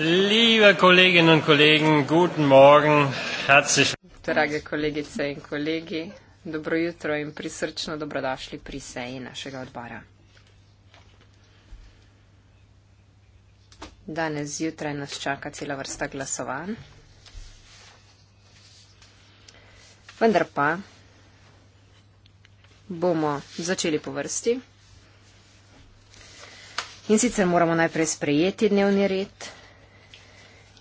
Liebe Kolleginnen und Kollegen, guten Morgen, herzlich willkommen. Drage Kolleginnen und Kollegen, dobro jutro in prisrčno dobrodošli pri seji našega odbora. Danes zjutraj nas čaka cela vrsta glasovanj. Vendar pa bomo začeli po vrsti. In sicer moramo najprej sprejeti dnevni red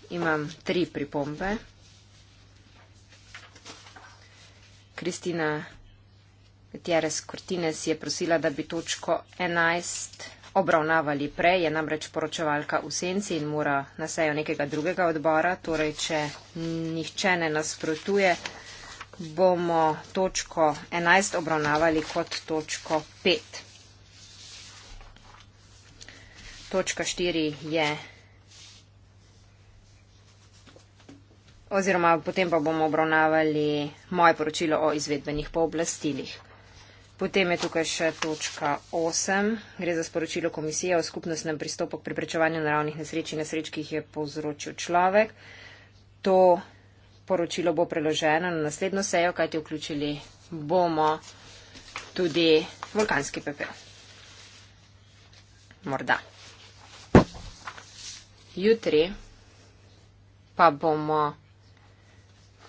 imam tri pripombe. Kristina Gutierrez Cortines je prosila, da bi točko 11 obravnavali prej, je namreč poročevalka v senci in mora na sejo nekega drugega odbora, torej če nihče ne nasprotuje, bomo točko 11 obravnavali kot točko 5. Točka 4 je oziroma potem pa bomo obravnavali moje poročilo o izvedbenih pooblastilih. Potem je tukaj še točka 8. Gre za sporočilo komisije o skupnostnem pristopu k preprečevanju naravnih nesreč in nesreč, ki jih je povzročil človek. To poročilo bo preloženo na naslednjo sejo, kajti vključili bomo tudi vulkanski pepel. Morda. Jutri pa bomo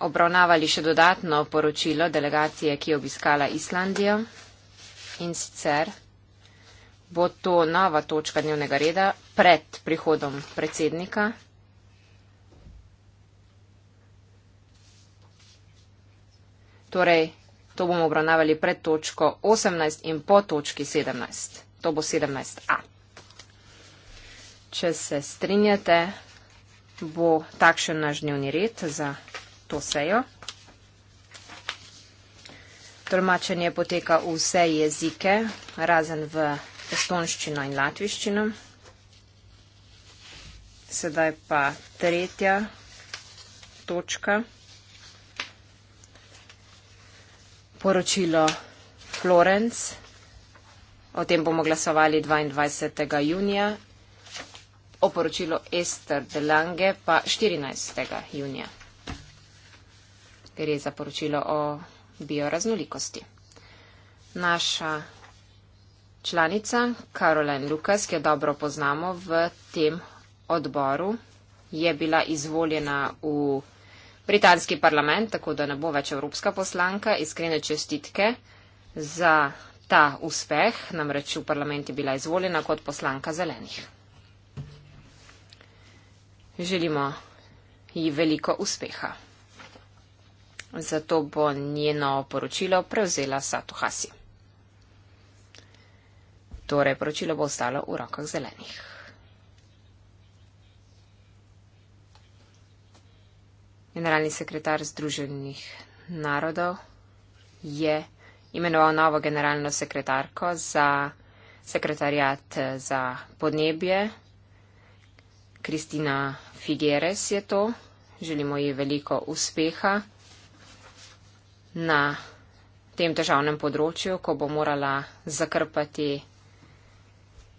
obravnavali še dodatno poročilo delegacije, ki je obiskala Islandijo in sicer bo to nova točka dnevnega reda pred prihodom predsednika. Torej, to bomo obravnavali pred točko 18 in po točki 17. To bo 17a. Če se strinjate, bo takšen naš dnevni red za to sejo. Tolmačenje poteka v vse jezike, razen v estonščino in latviščino. Sedaj pa tretja točka. Poročilo Florence. O tem bomo glasovali 22. junija. O poročilu Ester Delange pa 14. junija gre za poročilo o bioraznolikosti. Naša članica Karolin Lukas, ki jo dobro poznamo v tem odboru, je bila izvoljena v britanski parlament, tako da ne bo več evropska poslanka. Iskrene čestitke za ta uspeh, namreč v parlament je bila izvoljena kot poslanka zelenih. Želimo ji veliko uspeha zato bo njeno poročilo prevzela Satu Hasi. Torej, poročilo bo ostalo v rokah zelenih. Generalni sekretar Združenih narodov je imenoval novo generalno sekretarko za sekretarjat za podnebje. Kristina Figueres je to. Želimo ji veliko uspeha na tem državnem področju, ko bo morala zakrpati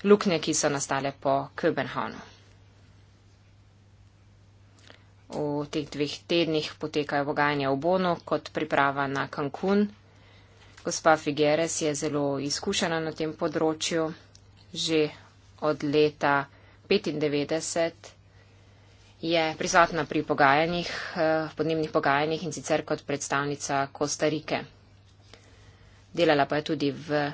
luknje, ki so nastale po Köbenhavnu. V teh dveh tednih potekajo vogajanja v Bonu kot priprava na Cancun. Gospa Figueres je zelo izkušena na tem področju, že od leta 1995 je prisotna pri pogajanjih, eh, podnebnih pogajanjih in sicer kot predstavnica Kostarike. Delala pa je tudi v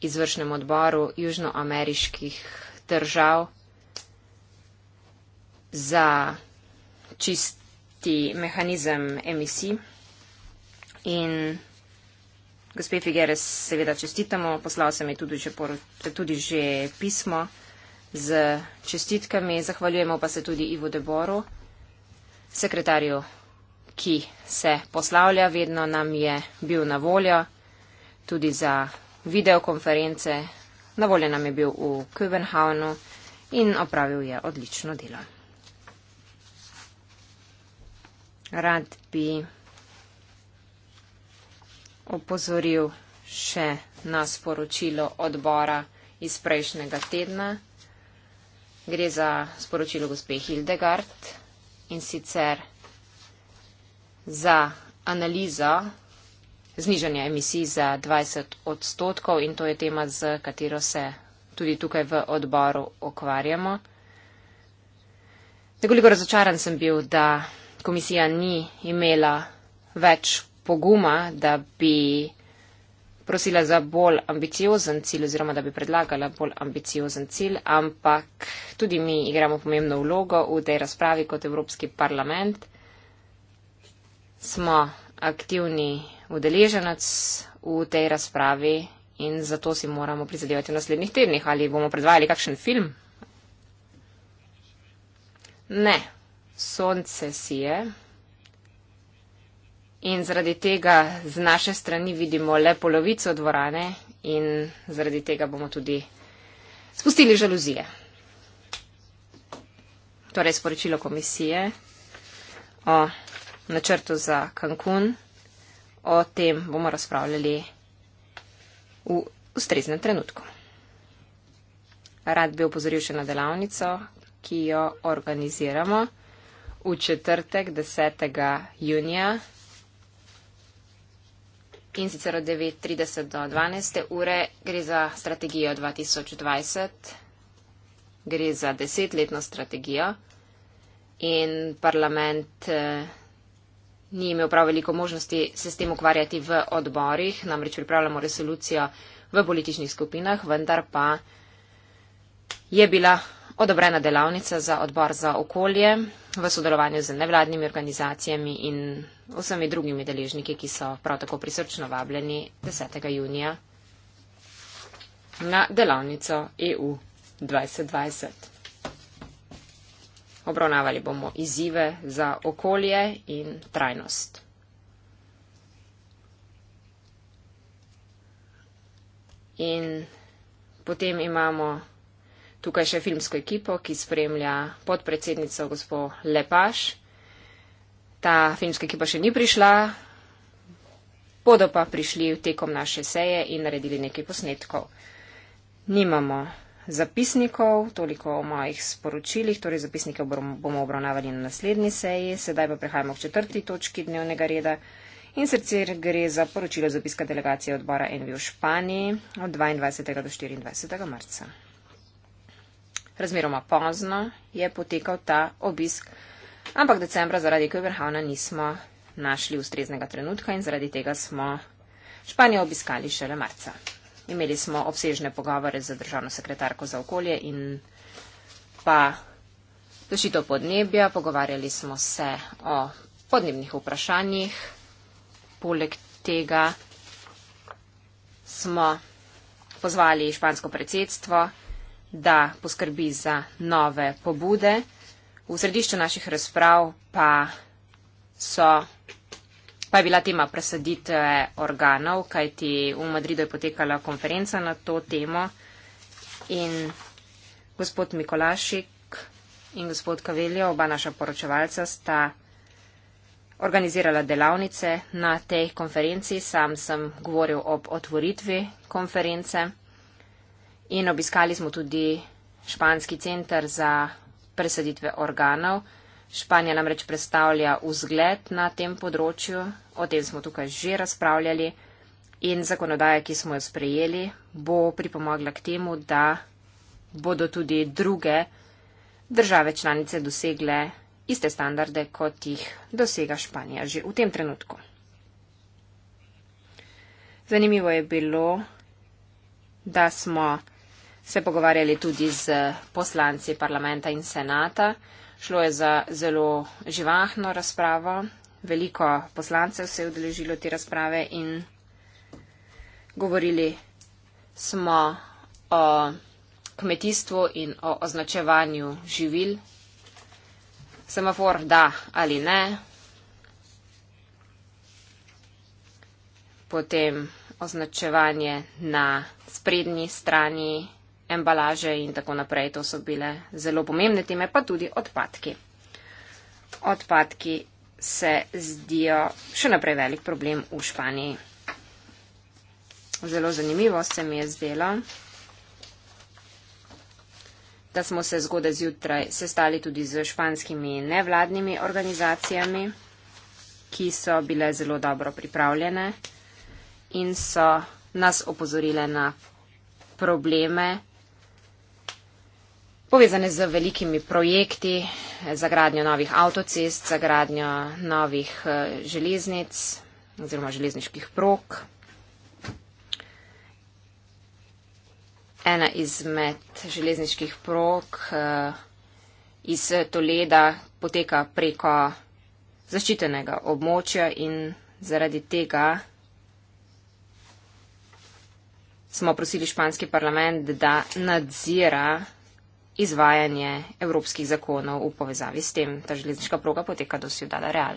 izvršnem odboru južnoameriških držav za čisti mehanizem emisij. In gospe Figueres seveda čestitamo, poslal sem ji tudi, tudi že pismo z čestitkami, zahvaljujemo pa se tudi Ivo Deboru, sekretarju, ki se poslavlja, vedno nam je bil na voljo tudi za videokonference, na voljo nam je bil v Köbenhavnu in opravil je odlično delo. Rad bi opozoril še na sporočilo odbora iz prejšnjega tedna. Gre za sporočilo gospe Hildegard in sicer za analizo znižanja emisij za 20 odstotkov in to je tema, z katero se tudi tukaj v odboru okvarjamo. Nekoliko razočaran sem bil, da komisija ni imela več poguma, da bi prosila za bolj ambiciozen cilj oziroma da bi predlagala bolj ambiciozen cilj, ampak tudi mi igramo pomembno vlogo v tej razpravi kot Evropski parlament. Smo aktivni udeleženec v tej razpravi in zato si moramo prizadevati v naslednjih tednih. Ali bomo predvajali kakšen film? Ne, sonce sije in zaradi tega z naše strani vidimo le polovico dvorane in zaradi tega bomo tudi spustili žaluzije. Torej, sporočilo komisije o načrtu za Cancun, o tem bomo razpravljali v ustreznem trenutku. Rad bi opozoril še na delavnico, ki jo organiziramo v četrtek 10. junija in sicer od 9.30 do 12. ure gre za strategijo 2020, gre za desetletno strategijo in parlament eh, ni imel prav veliko možnosti se s tem ukvarjati v odborih, namreč pripravljamo resolucijo v političnih skupinah, vendar pa je bila odobrena delavnica za odbor za okolje v sodelovanju z nevladnimi organizacijami in vsemi drugimi deležniki, ki so prav tako prisrčno vabljeni 10. junija na delavnico EU 2020. Obravnavali bomo izzive za okolje in trajnost. In potem imamo tukaj še filmsko ekipo, ki spremlja podpredsednico gospod Lepaš. Ta filmska ekipa še ni prišla, bodo pa prišli tekom naše seje in naredili nekaj posnetkov. Nimamo zapisnikov, toliko o mojih sporočilih, torej zapisnike bomo obravnavali na naslednji seji, sedaj pa prehajamo k četrti točki dnevnega reda. In sicer gre za poročilo zapiska delegacije odbora Envi v Španiji od 22. do 24. marca razmeroma pozno je potekal ta obisk, ampak decembra zaradi Köberhavna nismo našli ustreznega trenutka in zaradi tega smo Španijo obiskali šele marca. Imeli smo obsežne pogovore z državno sekretarko za okolje in pa zaščito podnebja, pogovarjali smo se o podnebnih vprašanjih, poleg tega smo pozvali špansko predsedstvo, da poskrbi za nove pobude. V središču naših razprav pa, so, pa je bila tema presaditve organov, kajti v Madridu je potekala konferenca na to temo in gospod Mikolašik in gospod Kaveljo, oba naša poročevalca, sta organizirala delavnice na tej konferenci. Sam sem govoril ob otvoritvi konference. In obiskali smo tudi španski centr za presaditve organov. Španija namreč predstavlja vzgled na tem področju, o tem smo tukaj že razpravljali in zakonodaja, ki smo jo sprejeli, bo pripomogla k temu, da bodo tudi druge države članice dosegle iste standarde, kot jih dosega Španija že v tem trenutku. Zanimivo je bilo, da smo se pogovarjali tudi z poslanci parlamenta in senata. Šlo je za zelo živahno razpravo. Veliko poslancev se je udeležilo te razprave in govorili smo o kmetijstvu in o označevanju živil. Semafor da ali ne. Potem označevanje na sprednji strani embalaže in tako naprej. To so bile zelo pomembne teme, pa tudi odpadki. Odpadki se zdijo še naprej velik problem v Španiji. Zelo zanimivo se mi je zdelo, da smo se zgodaj zjutraj sestali tudi z španskimi nevladnimi organizacijami, ki so bile zelo dobro pripravljene in so nas opozorile na probleme, povezane z velikimi projekti, za gradnjo novih avtocest, za gradnjo novih eh, železnic oziroma železniških prog. Ena izmed železniških prog eh, iz Toleda poteka preko zaščitenega območja in zaradi tega smo prosili španski parlament, da nadzira izvajanje evropskih zakonov v povezavi s tem. Ta železniška proga poteka do Ciudada Real.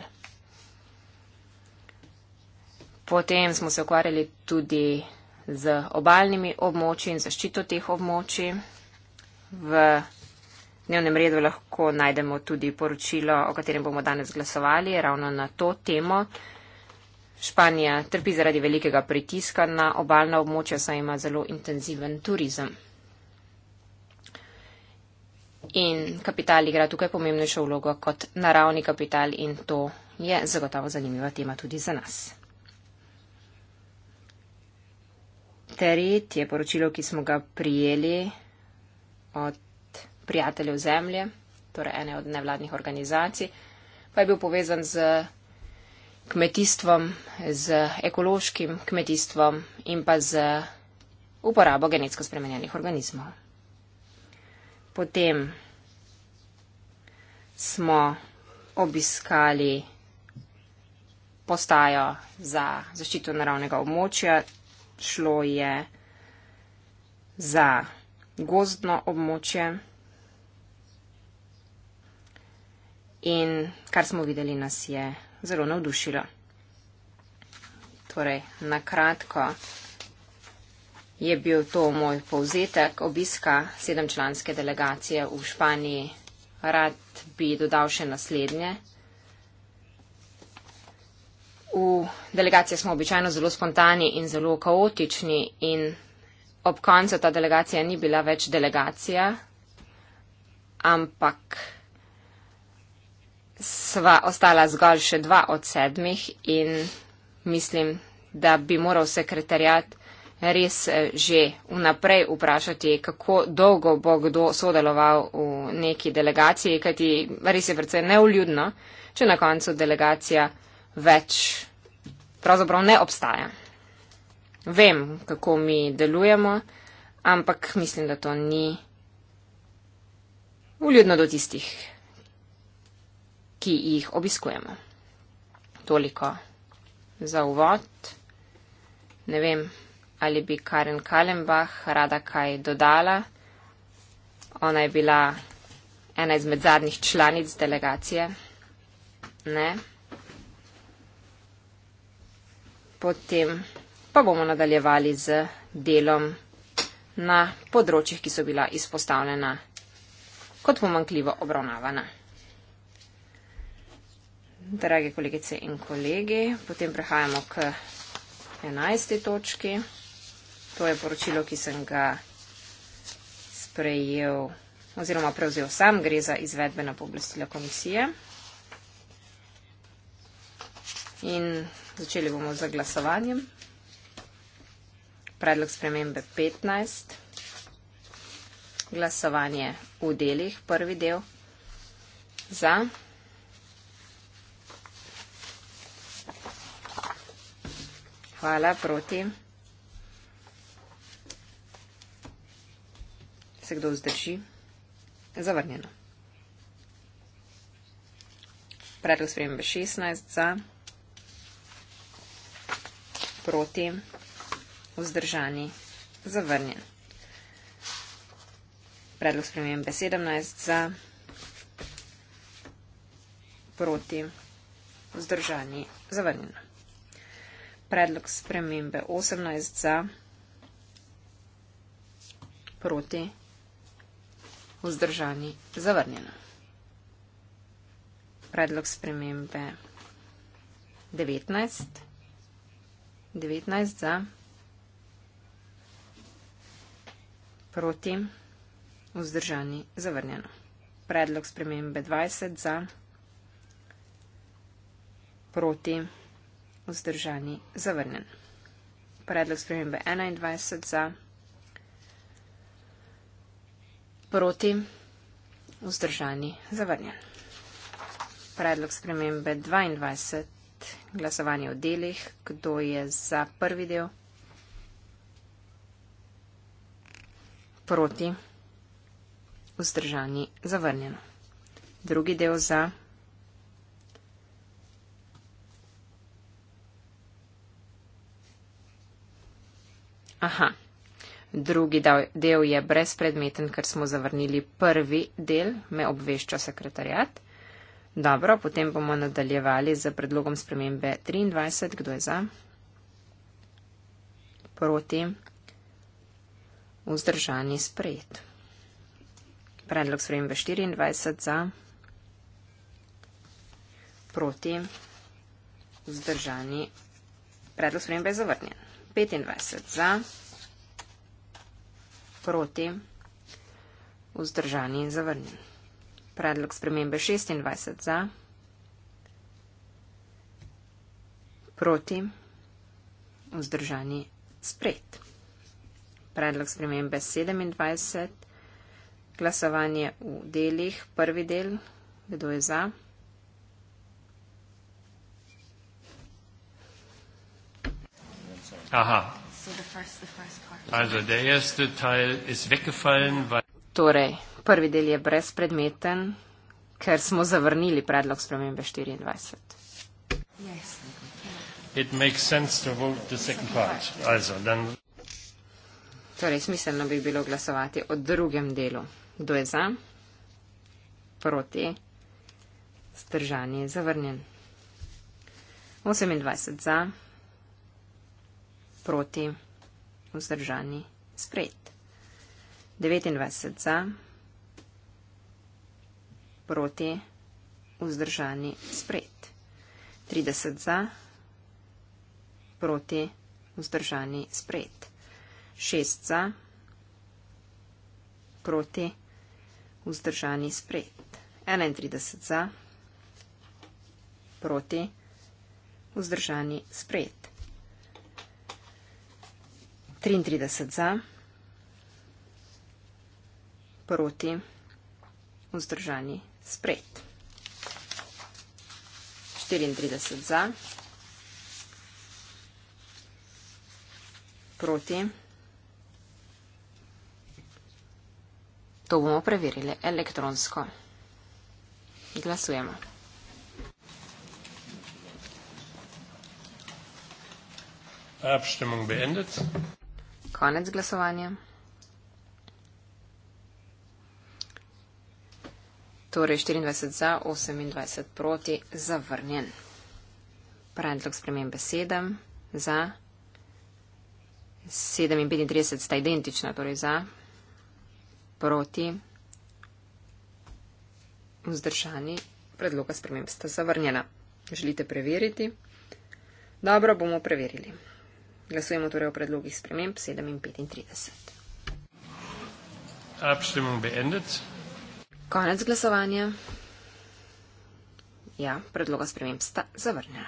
Potem smo se ukvarjali tudi z obaljnimi območji in zaščito teh območji. V dnevnem redu lahko najdemo tudi poročilo, o katerem bomo danes glasovali, ravno na to temo. Španija trpi zaradi velikega pritiska na obaljna območja, saj ima zelo intenziven turizem. In kapital igra tukaj pomembnejšo vlogo kot naravni kapital in to je zagotovo zanimiva tema tudi za nas. Tretje poročilo, ki smo ga prijeli od prijateljev zemlje, torej ene od nevladnih organizacij, pa je bil povezan z kmetijstvom, z ekološkim kmetijstvom in pa z uporabo genetsko spremenjenih organizmov. Potem smo obiskali postajo za zaščito naravnega območja. Šlo je za gozdno območje. In kar smo videli, nas je zelo navdušilo. Torej, na kratko je bil to moj povzetek obiska sedemčlanske delegacije v Španiji. Rad bi dodal še naslednje. V delegaciji smo običajno zelo spontani in zelo kaotični in ob koncu ta delegacija ni bila več delegacija, ampak sva ostala zgolj še dva od sedmih in mislim, da bi moral sekretarjat res eh, že vnaprej vprašati, kako dolgo bo kdo sodeloval v neki delegaciji, kajti res je predvsej neuljudno, če na koncu delegacija več pravzaprav ne obstaja. Vem, kako mi delujemo, ampak mislim, da to ni uljudno do tistih, ki jih obiskujemo. Toliko za uvod. Ne vem ali bi Karen Kalenbach rada kaj dodala. Ona je bila ena izmed zadnjih članic delegacije. Ne. Potem pa bomo nadaljevali z delom na področjih, ki so bila izpostavljena kot pomankljivo obravnavana. Drage kolegice in kolegi, potem prehajamo k 11. točki. To je poročilo, ki sem ga sprejel oziroma prevzel sam, gre za izvedbena pooblastila komisije. In začeli bomo z glasovanjem. Predlog spremembe 15. Glasovanje v delih, prvi del. Za. Hvala, proti. Se kdo vzdrži? Zavrnjeno. Predlog spremembe 16 za. Proti. Vzdržani. Zavrnjen. Predlog spremembe 17 za. Proti. Vzdržani. Zavrnjen. Predlog spremembe 18 za. Proti vzdržani zavrnjena. Predlog spremembe 19. 19 za proti vzdržani zavrnjeno. Predlog spremembe 20 za proti vzdržani zavrnjen. Predlog spremembe 21 za proti vzdržani zavrnjen proti, vzdržani, zavrnjen. Predlog spremembe 22, glasovanje v delih, kdo je za prvi del, proti, vzdržani, zavrnjen. Drugi del za. Aha drugi del je brezpredmeten, ker smo zavrnili prvi del, me obvešča sekretarjat. Dobro, potem bomo nadaljevali z predlogom spremembe 23. Kdo je za? Proti. Vzdržani sprejet. Predlog spremembe 24 za. Proti. Vzdržani. Predlog spremembe je zavrnjen. 25 za proti, vzdržani in zavrnjen. Predlog spremembe 26 za, proti, vzdržani, spred. Predlog spremembe 27, glasovanje v delih, prvi del, kdo je za. Aha, Torej, prvi del je brezpredmeten, ker smo zavrnili predlog spremembe 24. Yes. It makes sense to vote the second part. Also, then... Torej, smiselno bi bilo glasovati o drugem delu. Kdo je za? Proti? Stržanje je zavrnjen. 28 za, proti, vzdržani, spred. 29 za, proti, vzdržani, spred. 30 za, proti, vzdržani, spred. 6 za, proti, vzdržani, spred. 31 za, proti, vzdržani, spred. 33 za, proti, vzdržani, sprejet. 34 za, proti, to bomo preverili elektronsko. Glasujemo. Abstimmung beendet. Konec glasovanja. Torej 24 za, 28 proti, zavrnjen. Predlog spremembe 7 za, 37 sta identična, torej za, proti, vzdržani, predloga spremembe sta zavrnjena. Želite preveriti? Dobro, bomo preverili. Glasujemo torej o predlogih sprememb 37. Abstimum beendet. Konec glasovanja. Ja, predloga sprememb sta zavrnjena.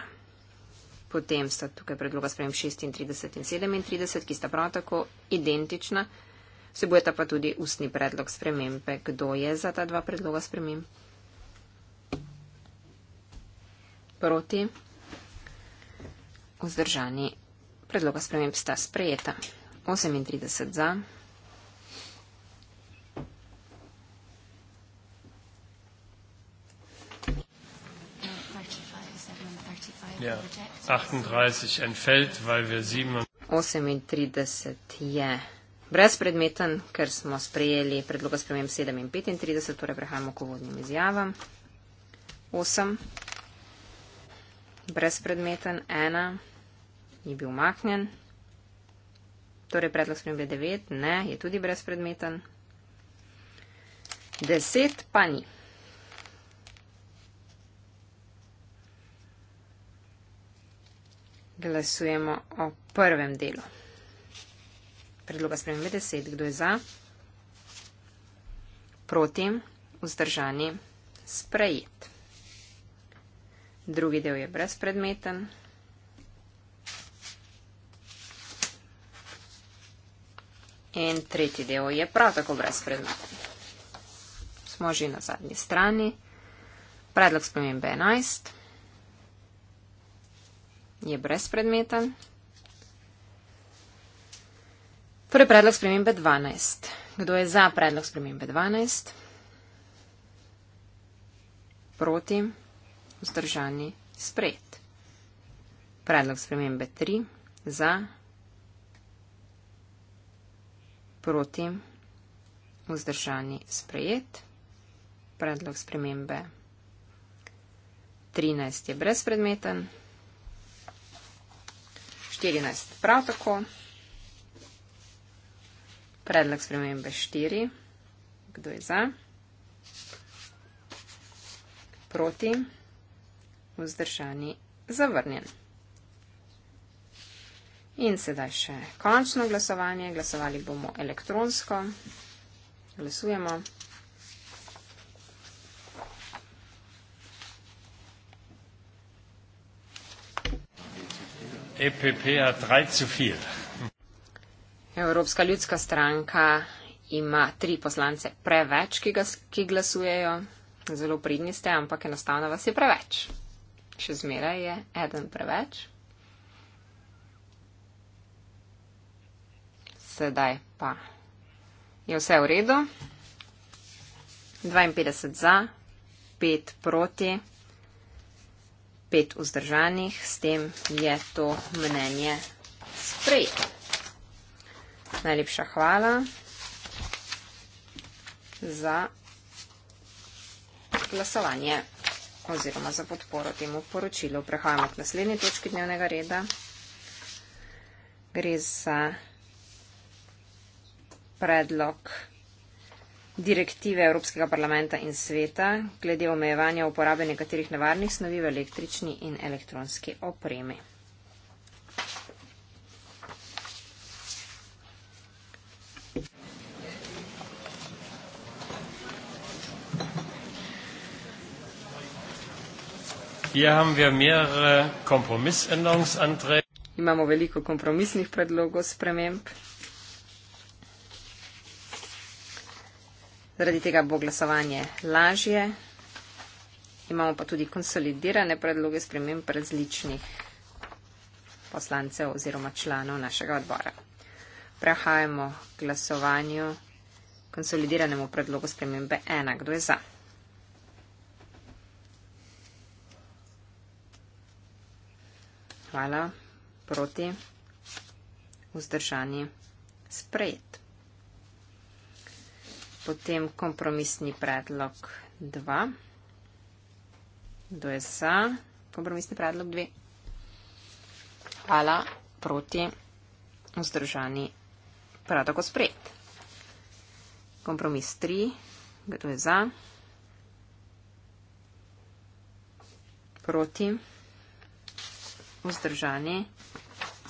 Potem sta tukaj predloga sprememb 36 in 37, ki sta prav tako identična. Vsebujeta pa tudi ustni predlog spremembe. Kdo je za ta dva predloga sprememb? Proti. Vzdržani Predloga sprememb sta sprejeta. 38 za. Yeah. Ja, 38 entfällt, weil wir 37 je brezpredmeten, ker smo sprejeli predloga sprememb 37, torej prehajamo k uvodnim izjavam. 8 brezpredmeten, 1 je bil maknjen. Torej, predlog spremembe 9, ne, je tudi brezpredmeten. 10 pa ni. Glasujemo o prvem delu. Predloga spremembe 10, kdo je za? Proti, vzdržani, sprejet. Drugi del je brezpredmeten. In tretji del je prav tako brezpredmeten. Smo že na zadnji strani. Predlog spremembe 11 je brezpredmeten. Torej, predlog spremembe 12. Kdo je za predlog spremembe 12? Proti, vzdržani, sprejet. Predlog spremembe 3 za proti, vzdržani, sprejet. Predlog spremembe 13 je brezpredmeten, 14 prav tako, predlog spremembe 4, kdo je za, proti, vzdržani, zavrnjen. In sedaj še končno glasovanje. Glasovali bomo elektronsko. Glasujemo. E Evropska ljudska stranka ima tri poslance preveč, ki, ga, ki glasujejo. Zelo pridni ste, ampak enostavno vas je preveč. Še zmeraj je eden preveč. sedaj pa. Je vse v redu? 52 za, 5 proti, 5 vzdržanih, s tem je to mnenje sprejeto. Najlepša hvala za glasovanje oziroma za podporo temu poročilu. Prehajamo k naslednji točki dnevnega reda. Gre za predlog direktive Evropskega parlamenta in sveta glede omejevanja uporabe nekaterih nevarnih snovi v električni in elektronski opremi. Imamo veliko kompromisnih predlogov sprememb. Zaradi tega bo glasovanje lažje. Imamo pa tudi konsolidirane predloge sprememb različnih poslancev oziroma članov našega odbora. Prehajamo k glasovanju konsolidiranemu predlogu spremembe 1. Kdo je za? Hvala. Proti. Vzdržani. Sprejet. Potem kompromisni predlog 2. Kdo je za kompromisni predlog 2? Hvala proti vzdržani predlog o spred. Kompromis 3. Kdo je za? Proti vzdržani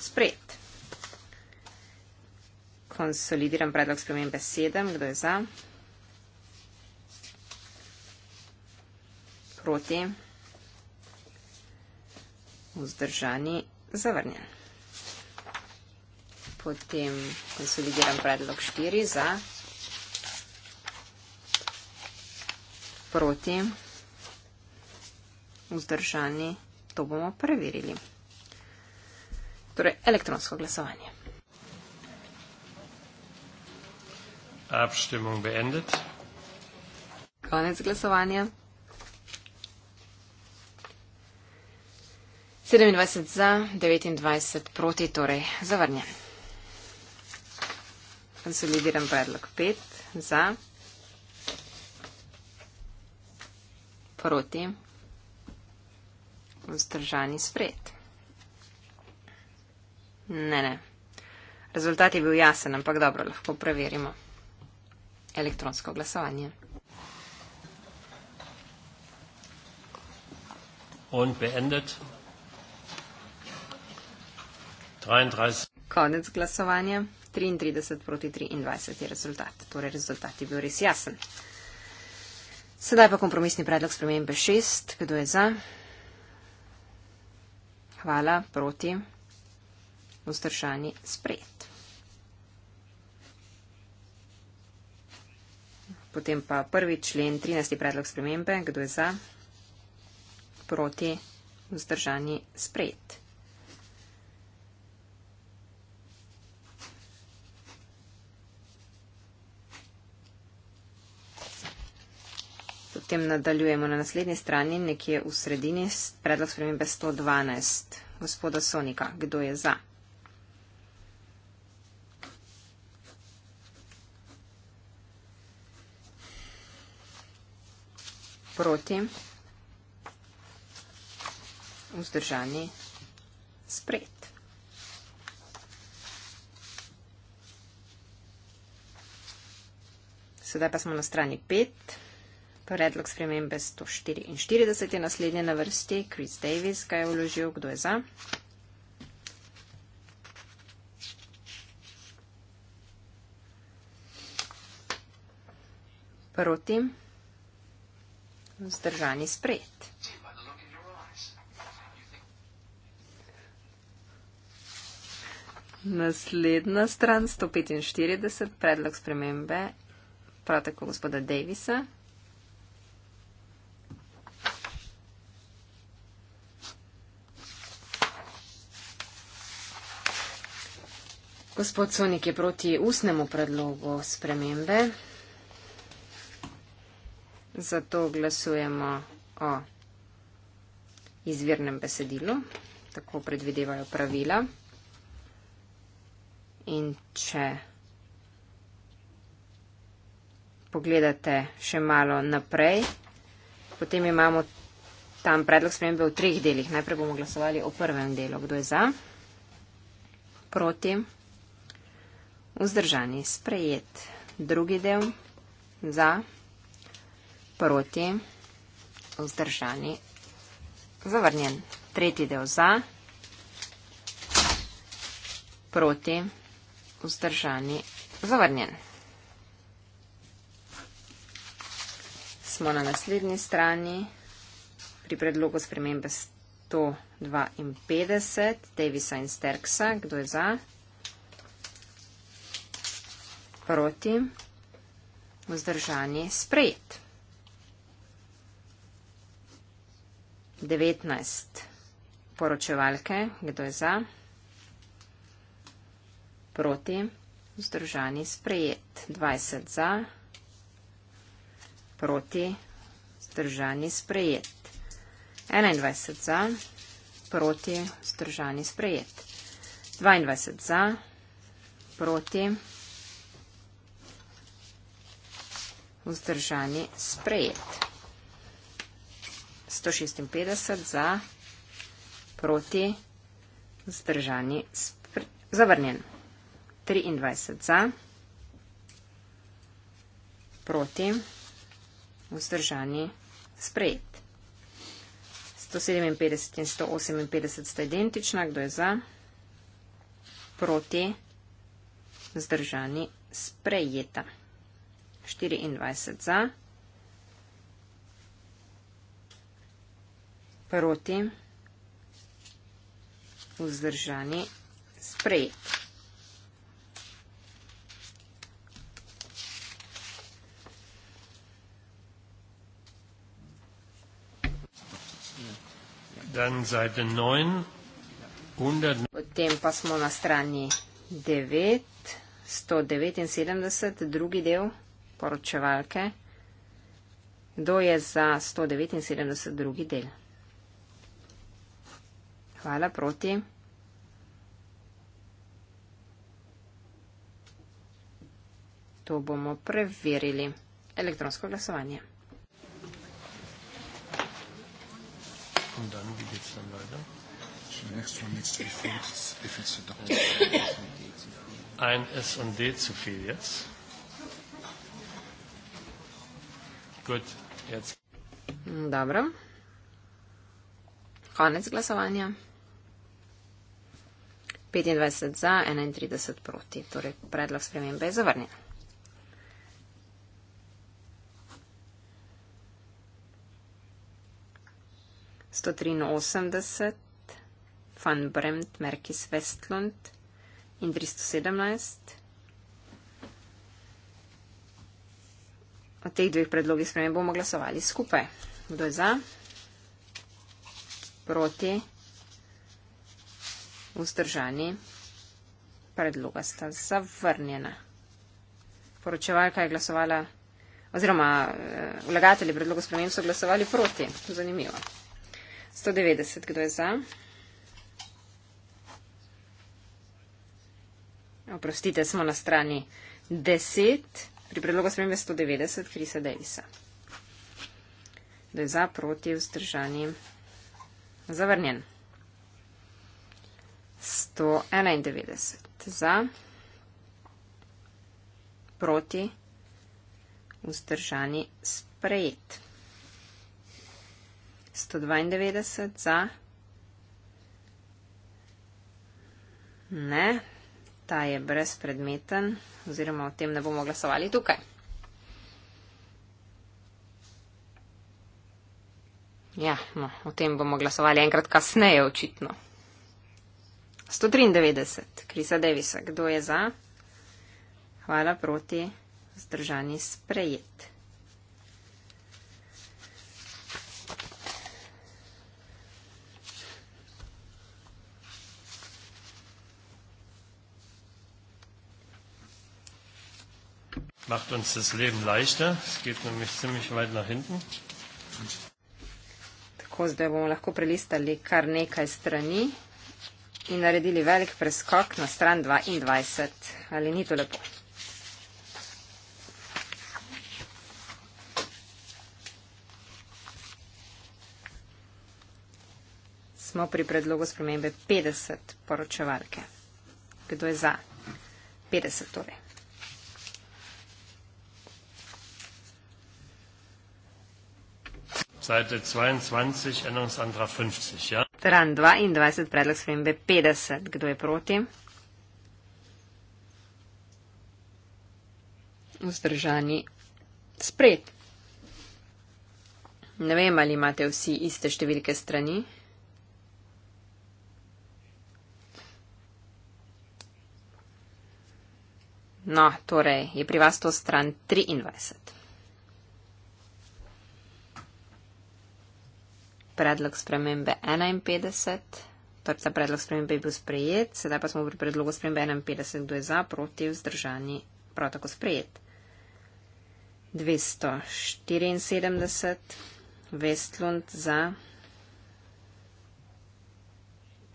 spred konsolidiran predlog spremembe sedem. Kdo je za? Proti? Vzdržani? Zavrnjen. Potem konsolidiran predlog štiri za. Proti? Vzdržani? To bomo preverili. Torej, elektronsko glasovanje. Abstimmung beendet. Konec glasovanja. 27 za, 29 proti, torej zavrnjen. Konsolidiran predlog 5 za, proti, vzdržani spred. Ne, ne. Rezultat je bil jasen, ampak dobro, lahko preverimo elektronsko glasovanje. Konec glasovanja. 33 proti 23 je rezultat. Torej rezultat je bil res jasen. Sedaj pa kompromisni predlog spremembe 6. Kdo je za? Hvala. Proti. Vzdržani. Sprejet. Potem pa prvi člen, 13. predlog spremembe, kdo je za, proti, vzdržani, sprejet. Potem nadaljujemo na naslednji strani, nekje v sredini, predlog spremembe 112. Gospoda Sonika, kdo je za? proti, vzdržani, spred. Sedaj pa smo na strani 5. Predlog spremembe 144 je naslednje na vrsti. Chris Davis ga je vložil, kdo je za. Proti vzdržani spred. Naslednja stran, 145, predlog spremembe, prav tako gospoda Davisa. Gospod Sonik je proti ustnemu predlogu spremembe zato glasujemo o izvirnem besedilu, tako predvidevajo pravila. In če pogledate še malo naprej, potem imamo tam predlog spremembe v treh delih. Najprej bomo glasovali o prvem delu, kdo je za, proti, vzdržani, sprejet, drugi del, za, proti, vzdržani, zavrnjen. Tretji del za, proti, vzdržani, zavrnjen. Smo na naslednji strani pri predlogu spremembe 152 Davisa in Sterksa. Kdo je za? Proti, vzdržani, sprejet. 19 poročevalke, kdo je za, proti, vzdržani, sprejet, 20 za, proti, vzdržani, sprejet, 21 za, proti, vzdržani, sprejet, 22 za, proti, vzdržani, sprejet. 156 za, proti, zdržani, zavrnjen. 23 za, proti, vzdržani, sprejet. 157 in 158 sta identična, kdo je za, proti, vzdržani, sprejeta. 24 za, proti. proti, vzdržani, sprejet. Potem pa smo na strani 9, 179, drugi del poročevalke. Kdo je za 179 drugi del? Hvala proti. To bomo preverili. Elektronsko glasovanje. Ein S und D zu viel jetzt. Gut, jetzt. Dobro. Konec glasovanja. 25 za, 31 proti. Torej, predlog spremembe je zavrnjen. Van Bremt, Merkis Westlund in 317. O teh dveh predlogih sprememb bomo glasovali skupaj. Kdo je za? Proti? vzdržani. Predloga sta zavrnjena. Poročevalka je glasovala, oziroma eh, vlagatelji predloga sprememb so glasovali proti. Zanimivo. 190, kdo je za? Oprostite, smo na strani 10, pri predlogu sprememb 190, Krisa Davisa. Kdo je za, proti, vzdržani, zavrnjen. 191 za, proti, vzdržani, sprejet. 192 za, ne, ta je brezpredmeten, oziroma o tem ne bomo glasovali tukaj. Ja, no, o tem bomo glasovali enkrat kasneje, očitno. 193, Krisa Devisa, kdo je za? Hvala proti, zdržani sprejet. Macht uns das Leben leichter. Es geht nämlich ziemlich weit nach hinten. Tako, zdaj bomo lahko prelistali kar nekaj strani in naredili velik preskok na stran 22. Ali ni to lepo? Smo pri predlogu spremembe 50 poročevalke. Kdo je za 50 torej? Seite 22, Änderungsantrag 50, ja? Teran 22, predlog spremembe 50. Kdo je proti? Vzdržani spred. Ne vem, ali imate vsi iste številke strani. No, torej je pri vas to stran 23. predlog spremembe 51. Torej, ta predlog spremembe je bil sprejet, sedaj pa smo pri predlogu spremembe 51, kdo je za, proti, vzdržani, prav tako sprejet. 274, Vestlund za,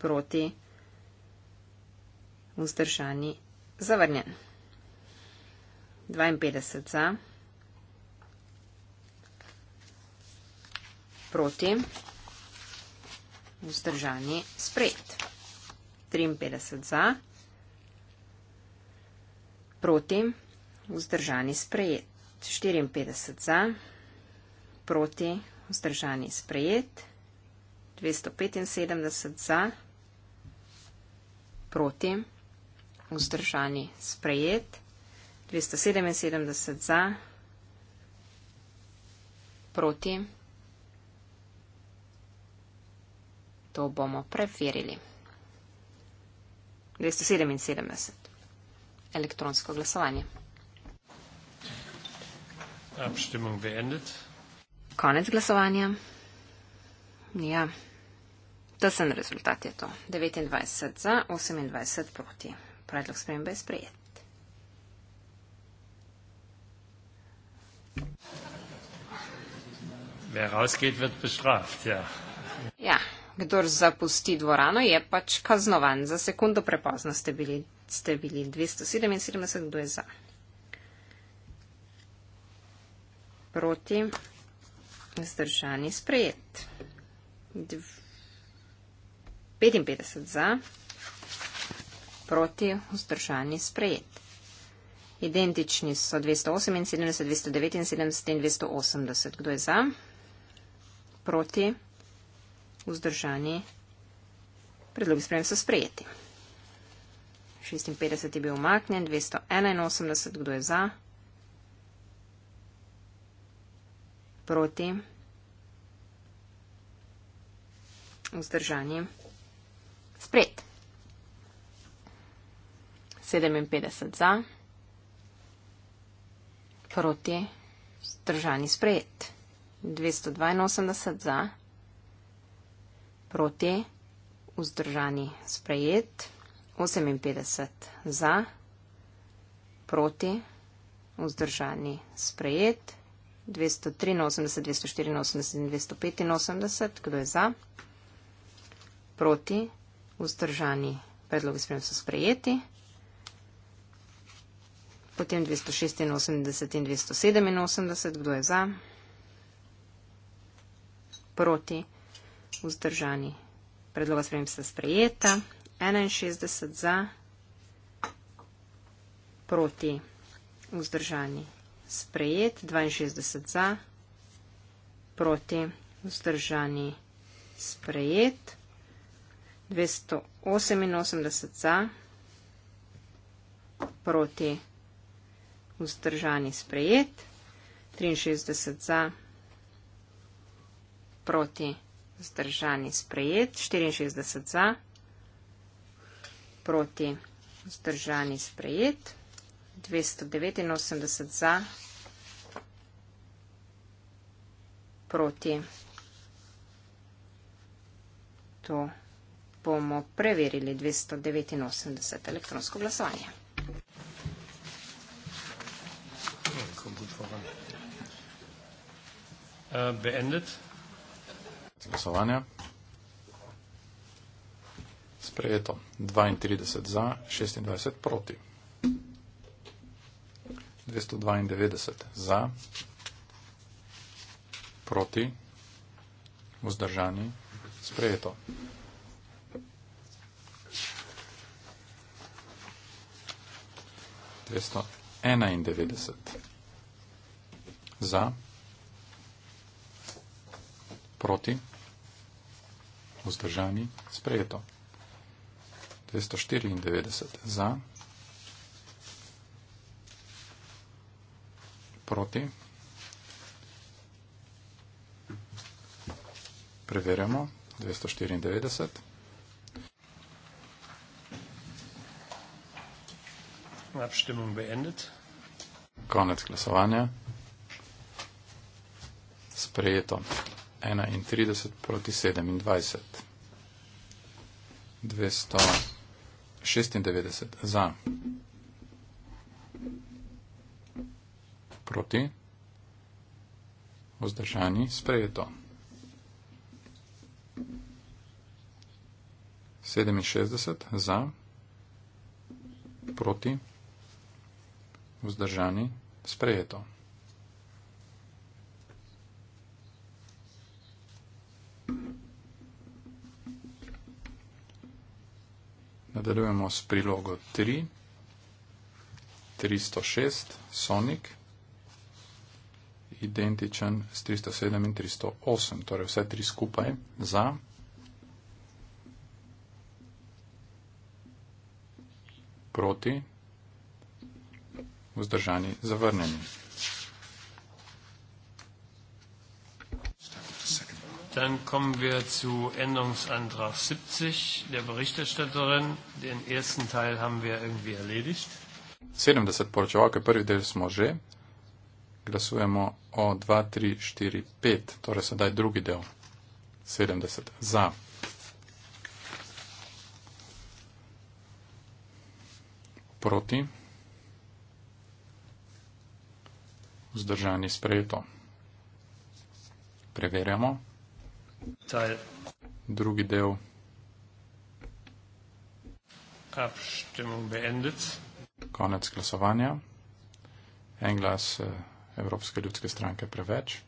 proti, vzdržani, zavrnjen. 52 za, proti, vzdržani vzdržanje sprejet. 53 za, proti, vzdržanje sprejet. 54 za, proti, vzdržanje sprejet. 275 za, proti, vzdržanje sprejet. 277 za, proti, vzdržanje sprejet. To bomo preferili. 277. Elektronsko glasovanje. Abstimmung beendet. Konec glasovanja. Ja, tesen rezultat je to. 29 za, 28 proti. Predlog spremembe je sprejet. Wer rausgeht, wird bestraft, ja. Ja kdor zapusti dvorano, je pač kaznovan. Za sekundo prepozno ste bili, ste bili 277, kdo je za. Proti. Zdržani sprejet. 55 za. Proti. Zdržani sprejet. Identični so 278, 279 in 280. Kdo je za? Proti vzdržani. Predlogi sprem so sprejeti. 56 je bil umaknjen, 281, kdo je za? Proti? Vzdržani? Spret. 57 za? Proti? Vzdržani? Spret. 282 za? proti, vzdržani, sprejet, 58 za, proti, vzdržani, sprejet, 283, 284 in 285, kdo je za, proti, vzdržani, predlogi sprejem so sprejeti. Potem 286 in 287, kdo je za? Proti vzdržani. Predloga sprejem se sprejeta. 61 za, proti vzdržani sprejet. 62 za, proti vzdržani sprejet. 288 za, proti vzdržani sprejet. 63 za, proti vzdržani sprejet. Zdržani sprejet. 64 za. Proti. Zdržani sprejet. 289 za. Proti. To bomo preverili. 289 elektronsko glasovanje. Ja, äh, beendet glasovanja. Sprejeto 32 za, 26 proti. 292 za, proti, vzdržani, sprejeto. Dvesto enaindevetdeset za, proti, vzdržani vzdržani, sprejeto. 294 za, proti. Preverjamo. 294. Abstimmung beendet. Konec glasovanja. Sprejeto. 31 proti 27. 296 za. Proti. Vzdržani sprejeto. 67 za. Proti. Vzdržani sprejeto. Nadaljujemo s prilogo 3, 306, Sonic, identičen s 307 in 308, torej vse tri skupaj za. proti, vzdržani, zavrnjeni. Dann kommen wir zu Änderungsantrag 70 der Berichterstatterin. Den ersten Teil haben wir irgendwie erledigt. 70 poročevalke, prvi del smo že. Glasujemo o 2, 3, 4, 5. Torej sedaj drugi del. 70 za. Proti. Vzdržani sprejeto. Preverjamo. Teil. Drugi del. Abstimmung beendet. Konec glasovanja. En glas eh, Evropske ljudske stranke preveč.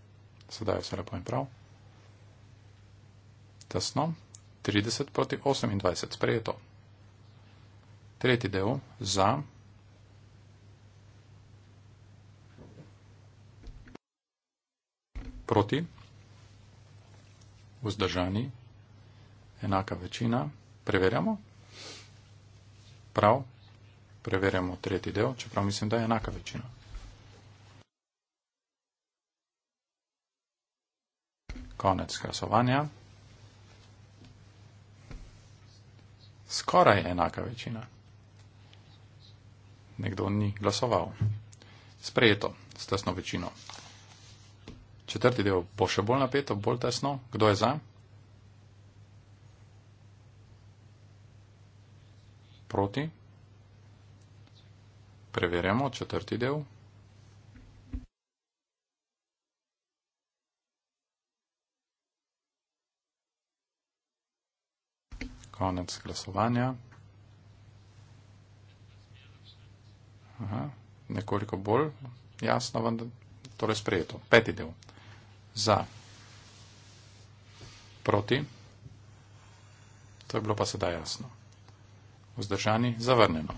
Sedaj je vse lepo in prav. Tesno. 30 proti 28. Sprejeto. Tretji del. Za. Proti vzdržani, enaka večina. Preverjamo. Prav, preverjamo tretji del, čeprav mislim, da je enaka večina. Konec glasovanja. Skoraj enaka večina. Nekdo ni glasoval. Sprejeto s tesno večino. Četrti del bo še bolj napeto, bolj tesno. Kdo je za? Proti? Preverjamo četrti del. Konec glasovanja. Aha, nekoliko bolj jasno, vendar torej sprejeto. Peti del za, proti, to je bilo pa sedaj jasno. Vzdržani, zavrnjeno.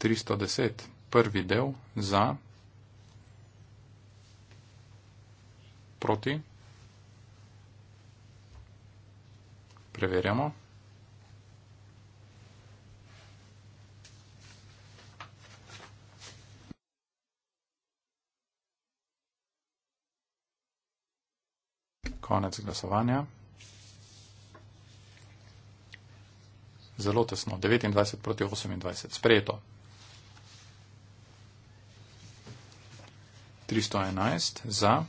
Tristo deset, prvi del, za, proti, preverjamo. konec glasovanja. Zelo tesno, 29 proti 28, sprejeto. 311 za.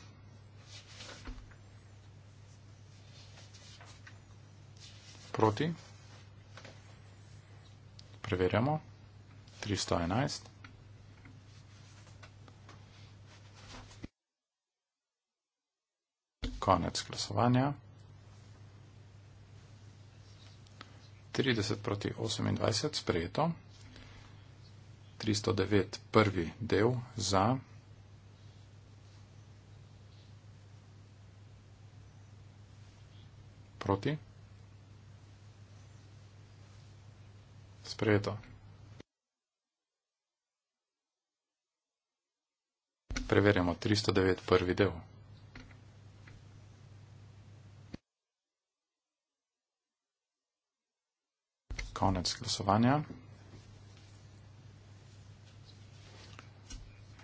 Proti. Preverjamo. 311. konec glasovanja. 30 proti 28 sprejeto, 309 prvi del za, 309 prvi del za, proti, sprejeto. Preverjamo 309 prvi del. konec glasovanja.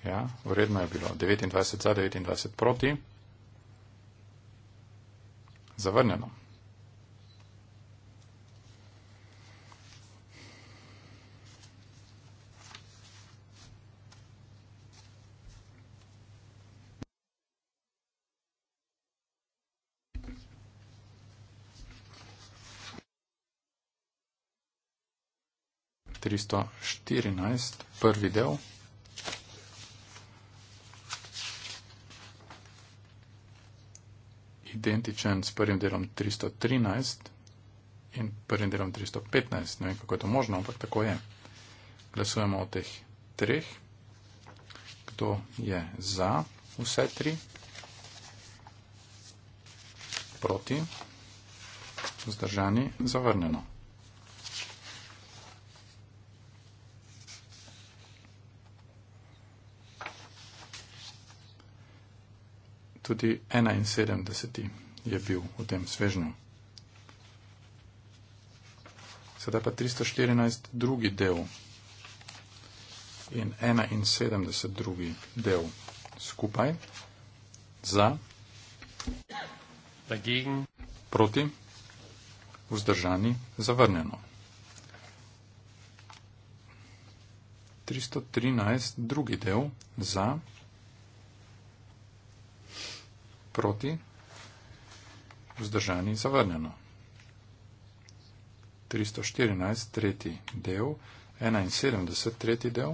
Ja, vredno je bilo 29 za, 29 proti. Zavrnjeno. 314, prvi del. Identičen s prvim delom 313 in prvim delom 315. Ne vem, kako je to možno, ampak tako je. Glasujemo o teh treh. Kdo je za vse tri? Proti? Zdržani? Zavrneno. tudi 71 je bil v tem svežnju. Sedaj pa 314 drugi del in 71 drugi del skupaj za Dagegen. proti vzdržani zavrnjeno. 313 drugi del za proti, vzdržani in zavrnjeno. 314, tretji del, 71, tretji del,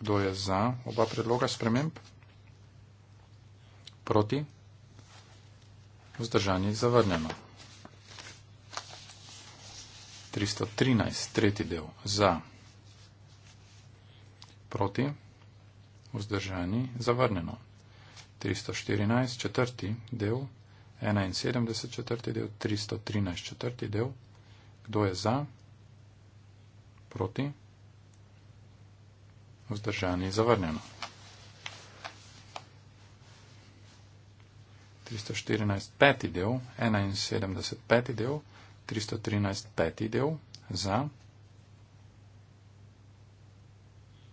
kdo je za oba predloga sprememb, proti, vzdržani in zavrnjeno. 313, tretji del, za, proti, vzdržani, zavrnjeno. 314 četrti del, 71 četrti del, 313 četrti del, kdo je za, proti, vzdržani zavrnjeno. 314 peti del, 71 peti del, 313 peti del, za,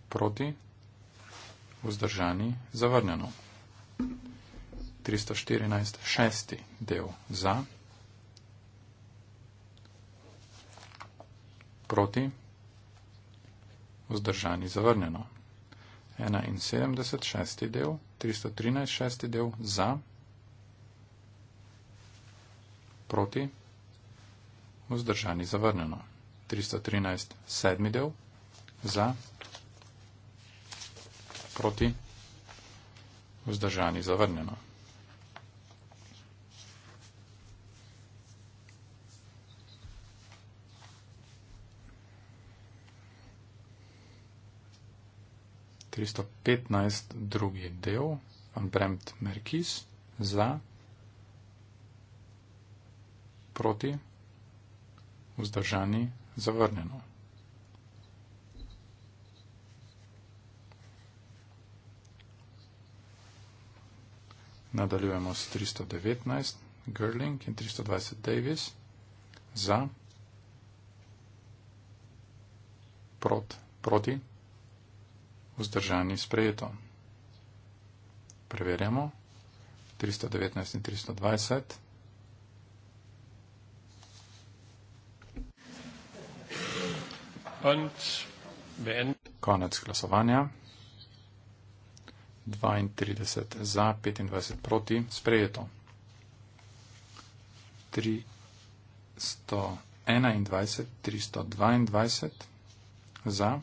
proti, vzdržani zavrnjeno. 314, šesti del za, proti, vzdržani, zavrnjeno. 71, šesti del, 313, šesti del za, proti, vzdržani, zavrnjeno. 313, sedmi del za, proti, vzdržani, zavrnjeno. 313, 315 drugi del Van Bremt Merkis za proti vzdržani zavrnjeno. Nadaljujemo s 319 Gerling in 320 Davis za prot, proti proti vzdržani sprejeto. Preverjamo. 319 in 320. Und Konec glasovanja. 32 za, 25 proti, sprejeto. 321, 322 za.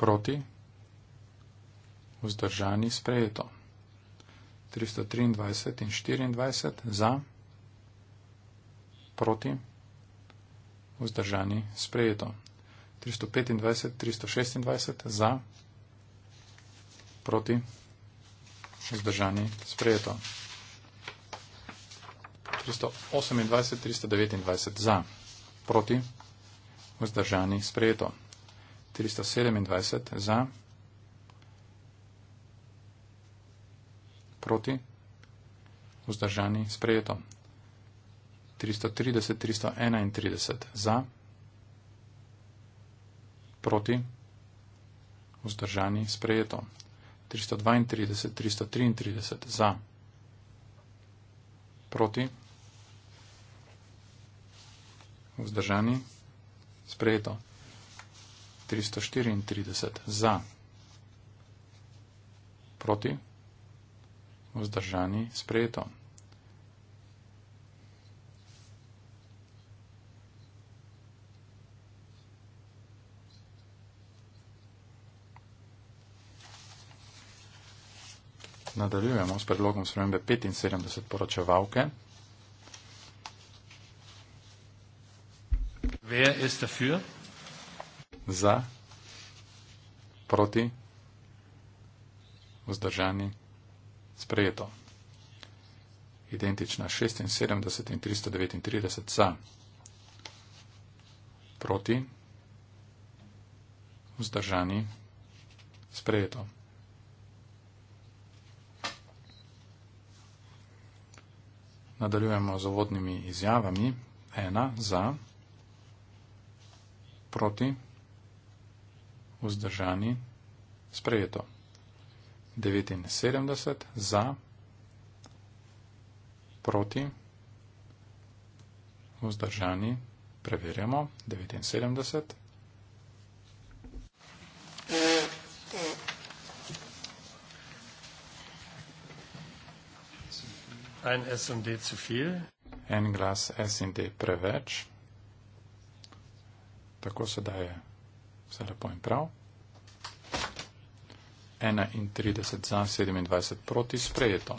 proti, vzdržani sprejeto. 323 in 24 za, proti, vzdržani sprejeto. 325, 326 za, proti, vzdržani sprejeto. 328, 329 za, proti, vzdržani sprejeto. 327 za, proti, vzdržani, sprejeto. 330, 331 za, proti, vzdržani, sprejeto. 332, 333 za, proti, vzdržani, sprejeto. 334 za, proti, vzdržani, sprejeto. Nadaljujemo s predlogom spremembe 75 poročevalke. Wer ist dafür? za, proti, vzdržani, sprejeto. Identična 76 in 339 za, proti, vzdržani, sprejeto. Nadaljujemo z uvodnimi izjavami. Ena za, proti, vzdržani, sprejeto vzdržani, sprejeto. 79 za, proti, vzdržani, preverjamo. 79. Ein SD zu viel. En glas SD preveč. Tako se daje vse lepo in prav. 31 za, 27 proti, sprejeto.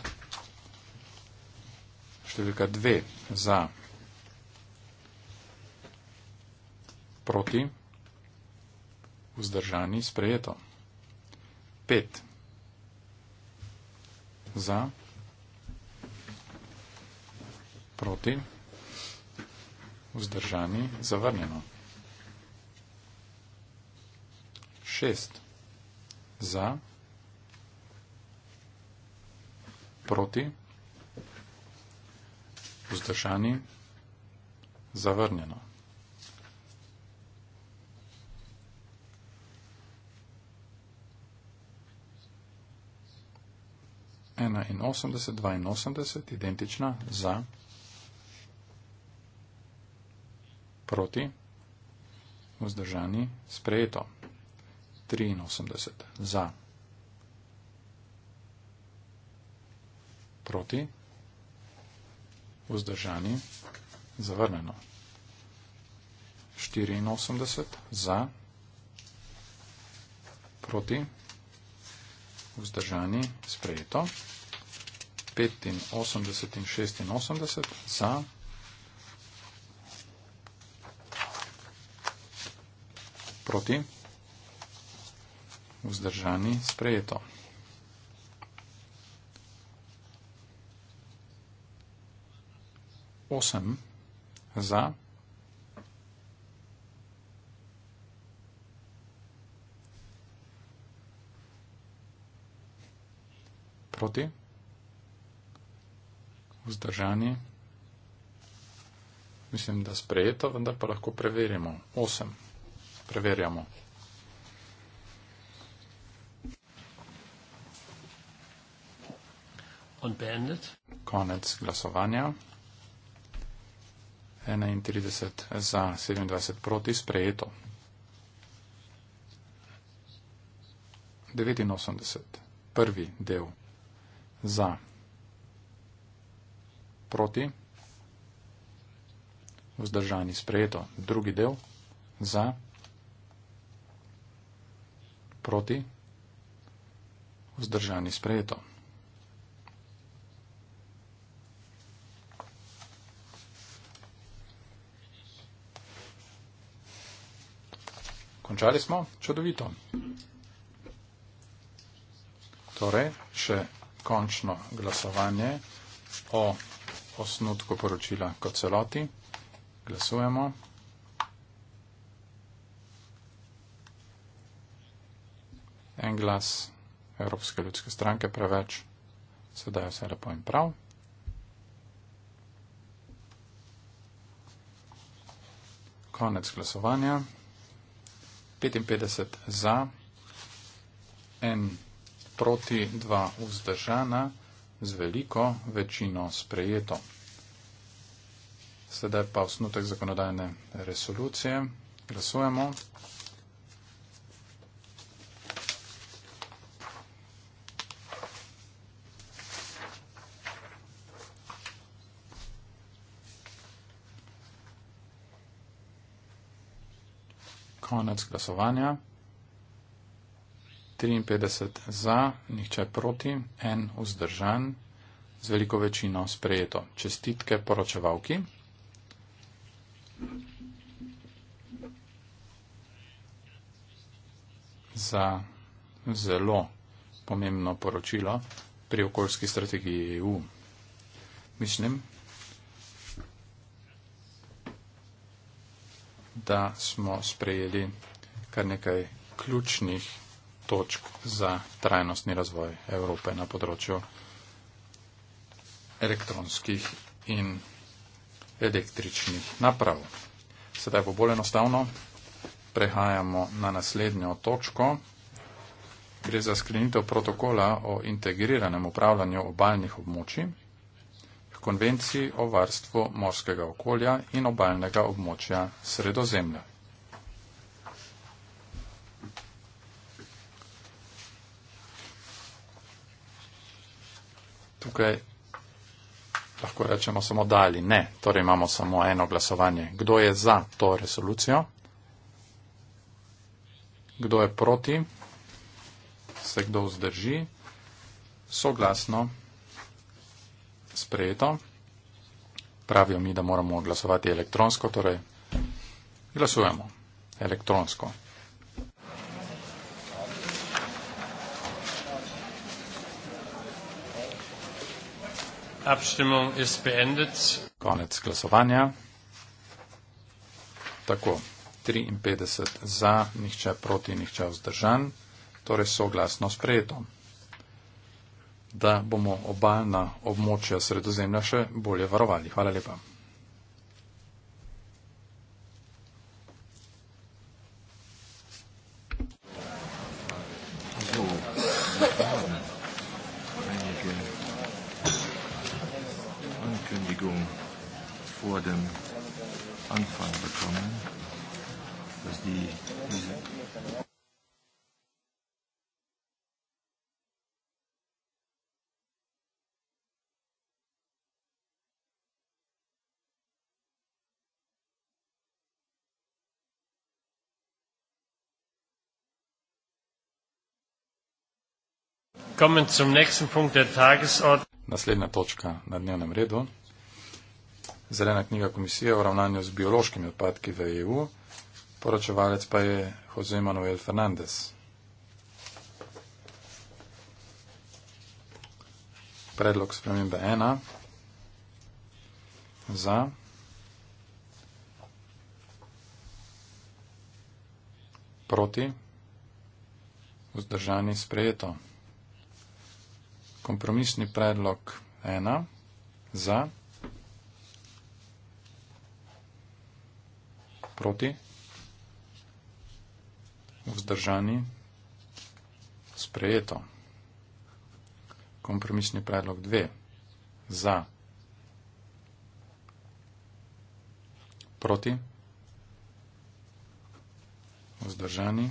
Številka 2 za, proti, vzdržani, sprejeto. 5 za, proti, vzdržani, zavrnjeno. šest za, proti, vzdržani, zavrnjeno. Ena in osemdeset, dva in osemdeset, identična, za, proti, vzdržani, sprejeto. 83 za, proti, vzdržani, zavrnjeno. 84 za, proti, vzdržani, sprejeto. 85 in 86 za, proti, vzdržani, sprejeto vzdržani, sprejeto. Osem za. Proti. Vzdržani. Mislim, da sprejeto, vendar pa lahko preverimo. Osem. Preverjamo. on beendet. Konec glasovanja. 31 za, 27 proti, sprejeto. 89. Prvi del za, proti, vzdržani sprejeto. Drugi del za, proti, vzdržani sprejeto. Končali smo? Čudovito. Torej, še končno glasovanje o osnutku poročila kot celoti. Glasujemo. En glas Evropske ljudske stranke preveč. Sedaj vse lepo in prav. Konec glasovanja. 55 za, en proti, dva vzdržana, z veliko večino sprejeto. Sedaj pa osnutek zakonodajne resolucije. Glasujemo. konec glasovanja. 53 za, nihče proti, en vzdržan, z veliko večino sprejeto. Čestitke poročevalki. Za zelo pomembno poročilo pri okoljski strategiji EU. Mislim, da smo sprejeli kar nekaj ključnih točk za trajnostni razvoj Evrope na področju elektronskih in električnih naprav. Sedaj bo bolj enostavno. Prehajamo na naslednjo točko. Gre za sklenitev protokola o integriranem upravljanju obaljnih območij konvenciji o varstvu morskega okolja in obaljnega območja sredozemlja. Tukaj lahko rečemo samo da ali ne, torej imamo samo eno glasovanje. Kdo je za to resolucijo? Kdo je proti? Se kdo vzdrži? Soglasno sprejeto. Pravijo mi, da moramo glasovati elektronsko, torej glasujemo elektronsko. Abstimmung ist beendet. Konec glasovanja. Tako, 53 za, nihče proti, nihče vzdržan, torej soglasno sprejeto da bomo obaljna območja sredozemlja še bolje varovali. Hvala lepa. Anfang bekommen, dass die diese Willkommen zum nächsten Punkt der Tagesordnung. Naslednja točka na dnevnem redu. Zelena knjiga komisije o ravnanju z biološkimi odpadki v EU, poročevalec pa je Jose Manuel Fernandez. Predlog spremembe 1 za proti vzdržani sprejeto kompromisni predlog ena za proti vzdržani sprejeto. Kompromisni predlog dve za proti vzdržani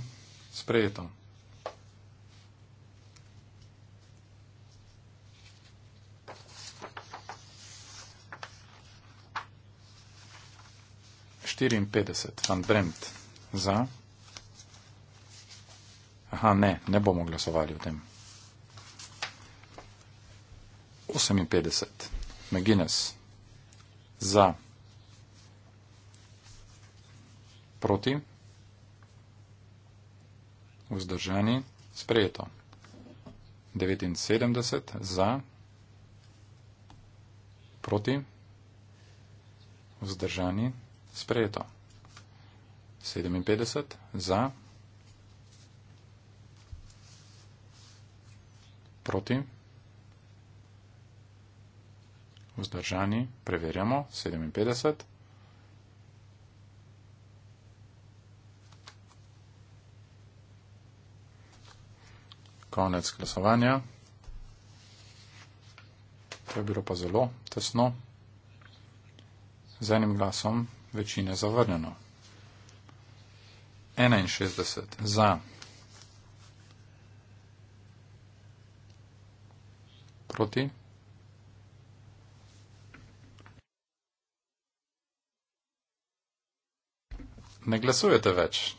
sprejeto. 54, van Bremt, za. Aha, ne, ne bomo glasovali o tem. 58, McGuinness, za. Proti. Vzdržani, sprejeto. 79, za. Proti. Vzdržani. Sprejeto. 57 za. Proti. Vzdržani. Preverjamo. 57. Konec glasovanja. To je bilo pa zelo tesno. Z enim glasom večine zavrnjeno. 61 za. Proti. Ne glasujete več.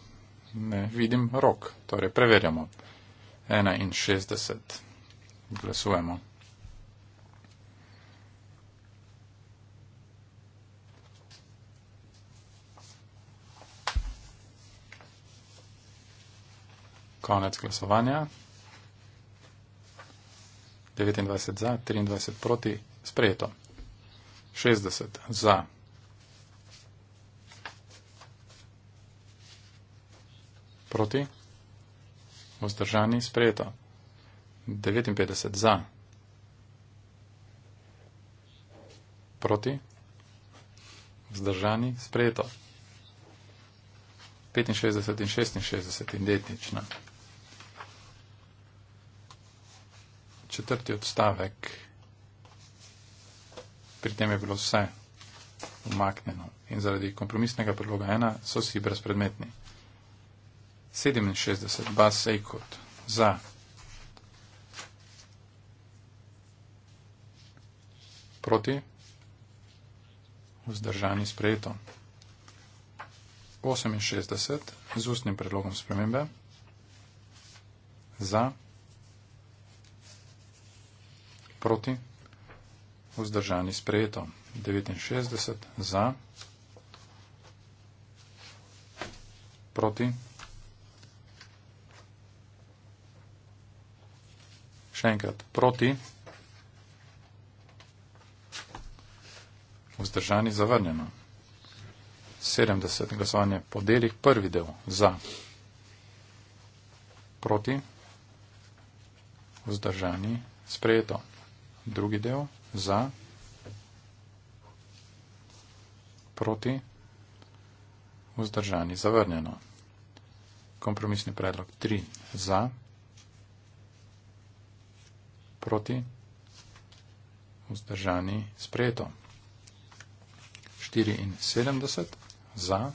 Ne vidim rok, torej preverjamo. 61. Glasujemo. Konec glasovanja. 29 za, 23 proti, sprejeto. 60 za. Proti. Vzdržani, sprejeto. 59 za. Proti. Vzdržani, sprejeto. 65 in 66 identična. četrti odstavek, pri tem je bilo vse umaknjeno in zaradi kompromisnega predloga ena so vsi brezpredmetni. 67 bas ekot za. Proti. Vzdržani sprejeto. 68 z ustnim predlogom spremembe. Za proti, vzdržani sprejeto, 69 za, proti, še enkrat proti, vzdržani zavrnjeno. 70 glasovanje po delih, prvi del za, proti, vzdržani sprejeto, drugi del, za, proti, vzdržani, zavrnjeno. Kompromisni predlog 3, za, proti, vzdržani, sprejeto. 74, za, proti, vzdržani, sprejeto. 75, za,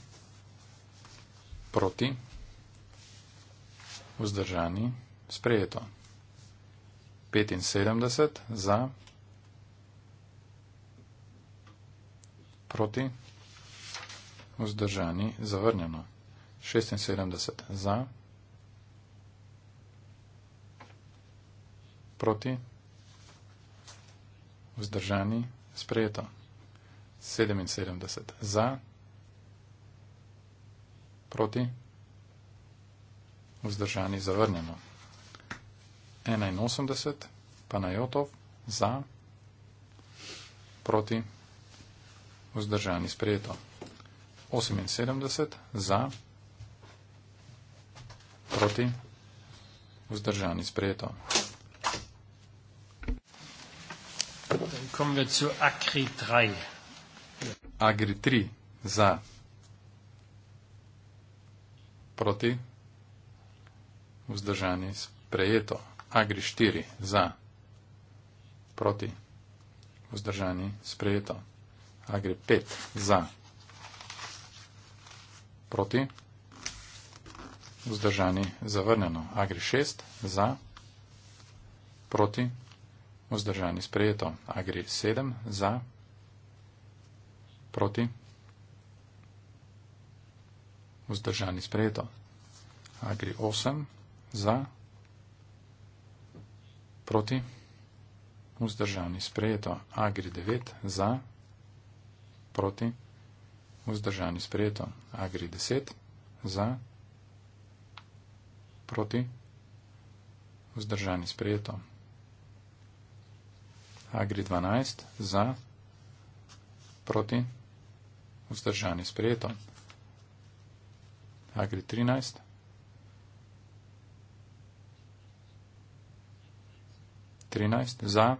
proti, vzdržani, sprejeto. 75 za, proti, vzdržani, zavrnjeno. 76 za, proti, vzdržani, sprejeto. 77 za, proti, vzdržani, zavrnjeno. 81, Panajotov, za, proti, vzdržani sprejeto. 78, za, proti, vzdržani sprejeto. Kommen wir zu Agri 3. Agri 3, za, proti, vzdržani sprejeto. Agri 4 za, proti, vzdržani, sprejeto. Agri 5 za, proti, vzdržani, zavrnjeno. Agri 6 za, proti, vzdržani, sprejeto. Agri 7 za, proti, vzdržani, sprejeto. Agri 8 za, proti, vzdržani, sprejeto. Proti? Vzdržani. Sprejeto. Agri 9. Za? Proti? Vzdržani. Sprejeto. Agri 10. Za? Proti? Vzdržani. Sprejeto. Agri 12. Za? Proti? Vzdržani. Sprejeto. Agri 13. Za? 13 za,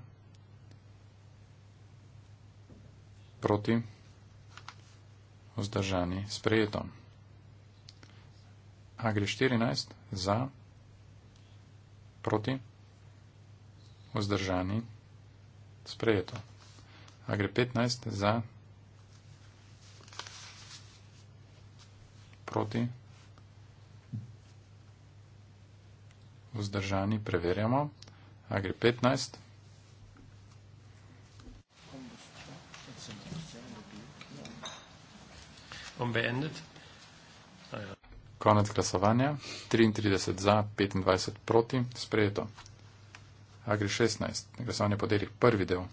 proti, vzdržani, sprejeto. Agri 14 za, proti, vzdržani, sprejeto. Agri 15 za, proti, vzdržani, preverjamo. Agri 15. Bom beendet. Ja. Konec glasovanja. 33 za, 25 proti. Sprejeto. Agri 16. Glasovanje po delih. Prvi del.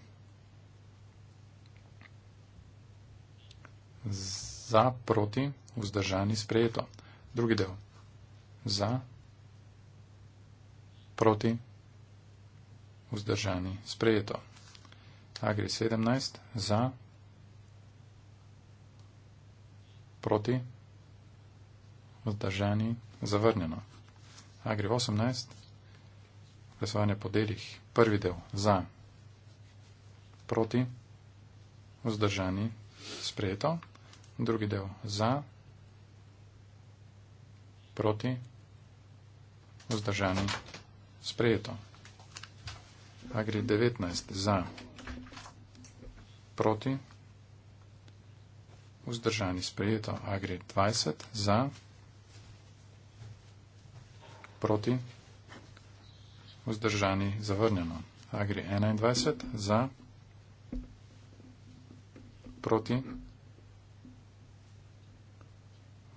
Za, proti, vzdržani, sprejeto. Drugi del. Za, proti, vzdržani vzdržani, sprejeto. Agri 17 za, proti, vzdržani, zavrnjeno. Agri 18, glasovanje po delih, prvi del za, proti, vzdržani, sprejeto, drugi del za, proti, vzdržani, sprejeto. Agri 19 za, proti, vzdržani sprejeto, Agri 20 za, proti, vzdržani zavrnjeno, Agri 21 za, proti,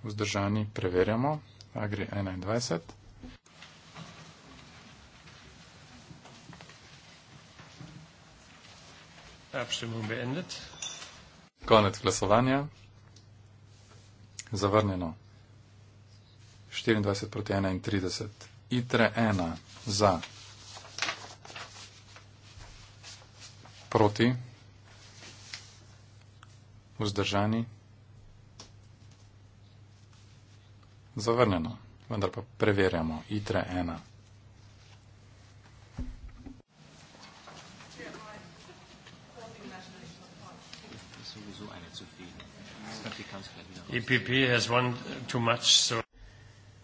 vzdržani preverjamo, Agri 21 za, Abstimmung beendet. Konec glasovanja. Zavrnjeno. 24 proti 31. ITRE 1 za. Proti. Vzdržani. Zavrnjeno. Vendar pa preverjamo. ITRE 1. E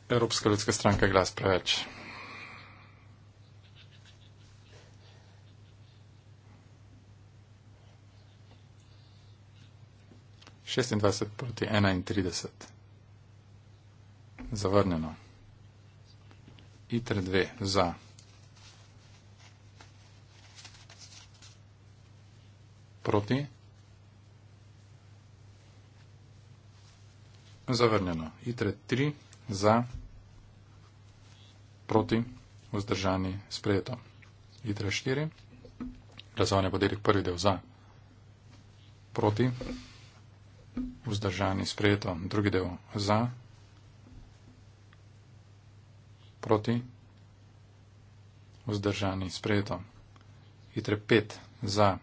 Evropska ljudska stranka je glas preveč. Šestindvajset proti enaintrideset. Zavrnjeno. ITR dve za. Proti. Zavrnjeno. ITRE 3 za, proti, vzdržani, sprejeto. ITRE 4, glasovanje po delih prvi del za, proti, vzdržani, sprejeto. Drugi del za, proti, vzdržani, sprejeto. ITRE 5 za, proti,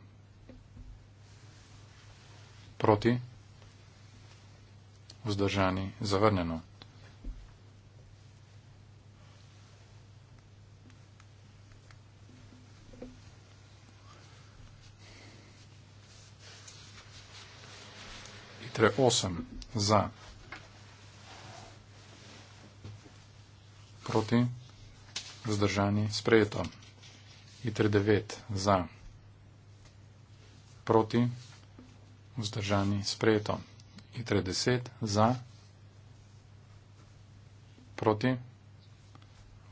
vzdržani, sprejeto vzdržani, zavrnjeno. Hitre 8 za. Proti. Vzdržani. Sprejeto. Hitre 9 za. Proti. Vzdržani. Sprejeto hitre 10, za, proti,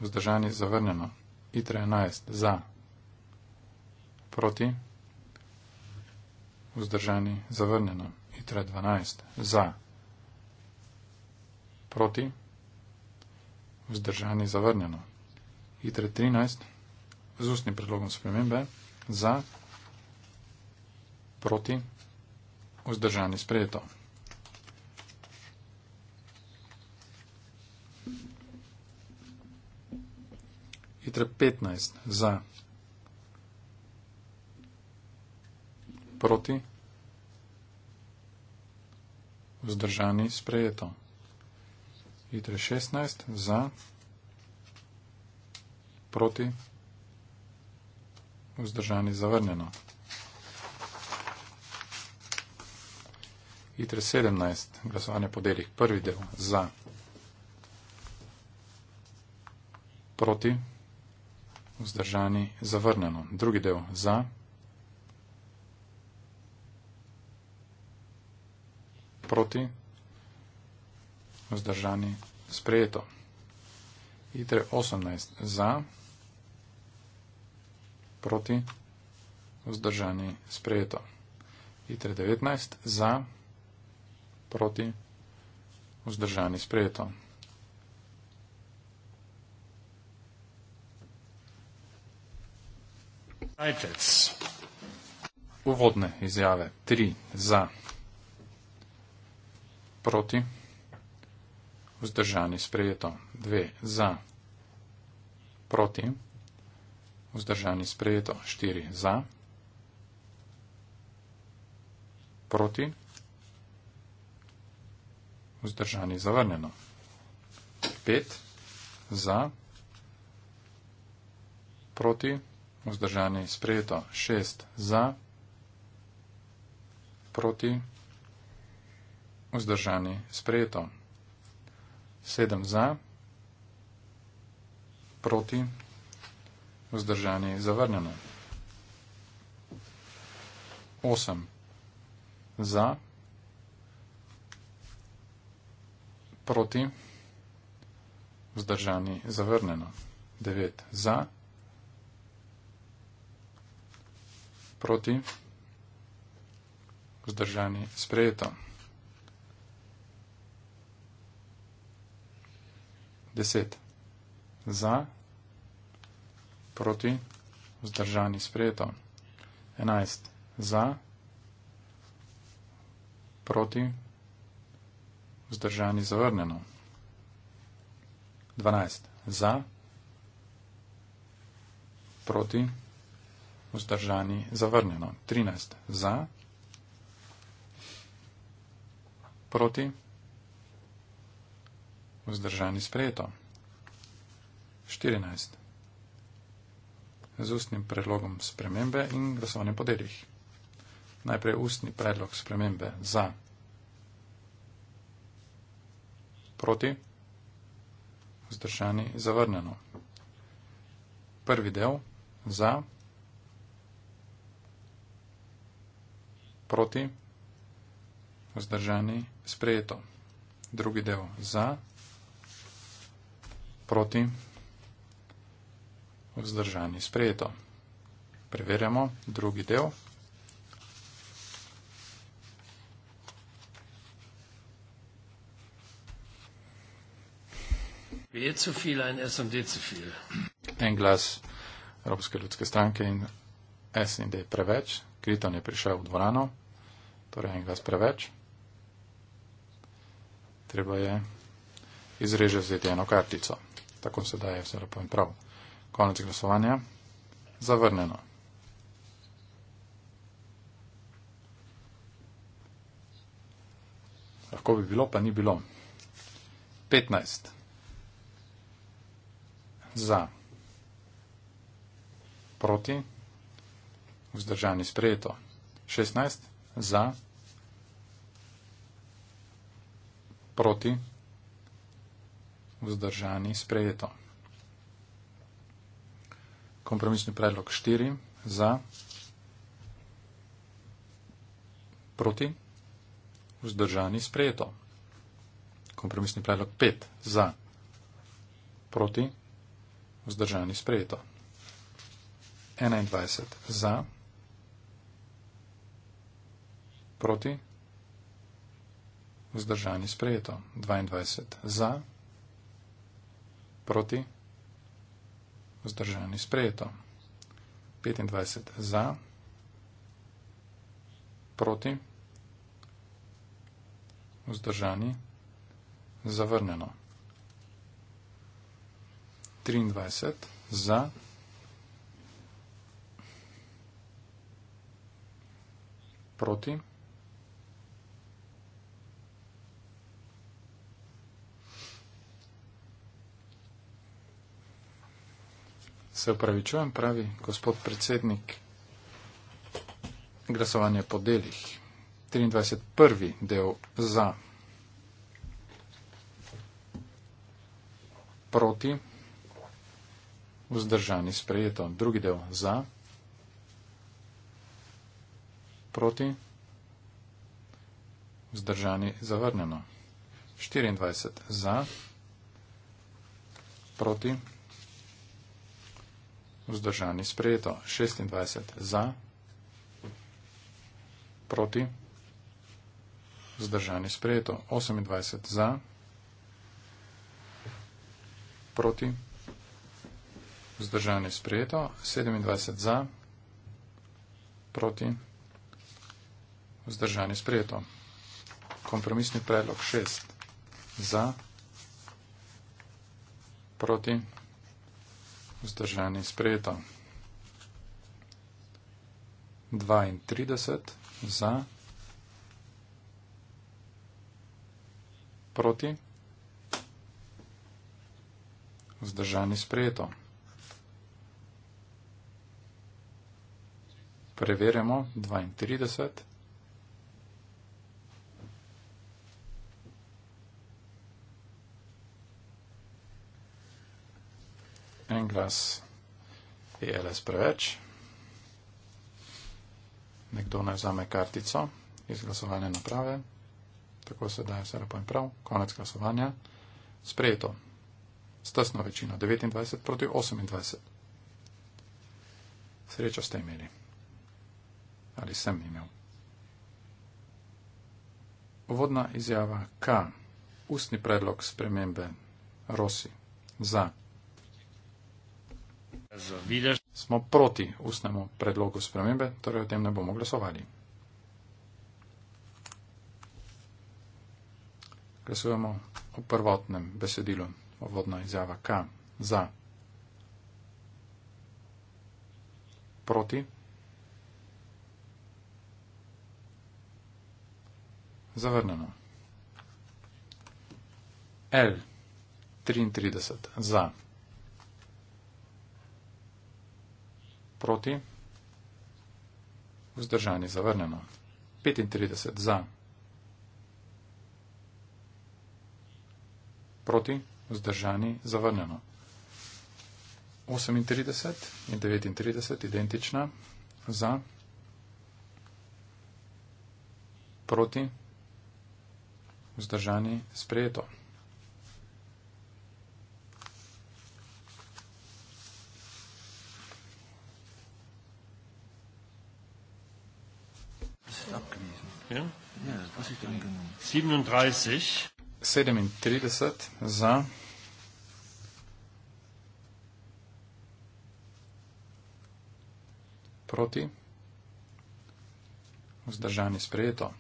vzdržanje zavrnjeno, hitre 11, za, proti, vzdržanje zavrnjeno, hitre 12, za, proti, vzdržanje zavrnjeno, hitre 13, z ustnim predlogom spremembe, za, proti, vzdržanje sprejeto. hitre 15 za, proti, vzdržani, sprejeto. Hitre 16 za, proti, vzdržani, zavrnjeno. Hitre 17, glasovanje po delih, prvi del, za, proti, vzdržani, sprejeto vzdržani, zavrnjeno. Drugi del za. proti, vzdržani, sprejeto. Itre 18 za, proti, vzdržani, sprejeto. Itre 19 za, proti, vzdržani, sprejeto. Ajtec. Uvodne izjave. Tri za. Proti. Vzdržani sprejeto. Dve za. Proti. Vzdržani sprejeto. Štiri za. Proti. Vzdržani zavrnjeno. Pet za. Proti. Proti vzdržanje sprejeto, 6 za, proti, vzdržanje sprejeto, 7 za, proti, vzdržanje zavrnjeno, 8 za, proti, vzdržanje zavrnjeno, 9 za, proti, proti, vzdržani, sprejeto. Deset. Za, proti, vzdržani, sprejeto. Enajst. Za, proti, vzdržani, zavrneno. Dvanajst. Za, proti, vzdržani, sprejeto vzdržani zavrnjeno. 13 za, proti, vzdržani sprejeto. 14 z ustnim predlogom spremembe in glasovanjem po delih. Najprej ustni predlog spremembe za, proti, vzdržani zavrnjeno. Prvi del za, proti, proti, vzdržani, sprejeto. Drugi del za, proti, vzdržani, sprejeto. Preverjamo drugi del. En glas Evropske ljudske stranke in SND preveč, Kriton je prišel v dvorano torej enega spreveč. Treba je izrežati eno kartico. Tako se daje vse lepo in prav. Konec glasovanja. Zavrneno. Lahko bi bilo, pa ni bilo. 15. Za. Proti. Vzdržani sprejeto. 16 za, proti, vzdržani, sprejeto. Kompromisni predlog 4 za, proti, vzdržani, sprejeto. Kompromisni predlog 5 za, proti, vzdržani, sprejeto. 21 za proti, vzdržani sprejeto, 22 za, proti, vzdržani sprejeto, 25 za, proti, vzdržani, zavrnjeno, 23 za, proti, proti, Se upravičujem, pravi gospod predsednik, glasovanje po delih. 23. prvi del za. Proti. Vzdržani sprejeto. Drugi del za. Proti. Vzdržani zavrnjeno. 24. za. Proti vzdržani sprejeto 26 za, proti, vzdržani sprejeto 28 za, proti, vzdržani sprejeto 27 za, proti, vzdržani sprejeto. Kompromisni predlog 6 za, proti, vzdržani sprejeto vzdržani sprejeto. 32 za, proti, vzdržani sprejeto. Preverjamo 32. en glas je LS preveč. Nekdo naj vzame kartico iz glasovanja naprave. Tako se daje vse lepo in prav. Konec glasovanja. Sprejeto. S tesno večino 29 proti 28. Srečo ste imeli. Ali sem imel. Uvodna izjava K. Ustni predlog spremembe. Rosi. Za za videž. Smo proti ustnemu predlogu spremembe, torej o tem ne bomo glasovali. Glasujemo o prvotnem besedilu, o vodna izjava K za proti. Zavrnjeno. L 33 za proti, vzdržani zavrnjeno, 35 za, proti, vzdržani zavrnjeno, 38 in 39 identična za, proti, vzdržani sprejeto. 37. Ja? 37 ja, za. Proti. Vzdržani sprejeto.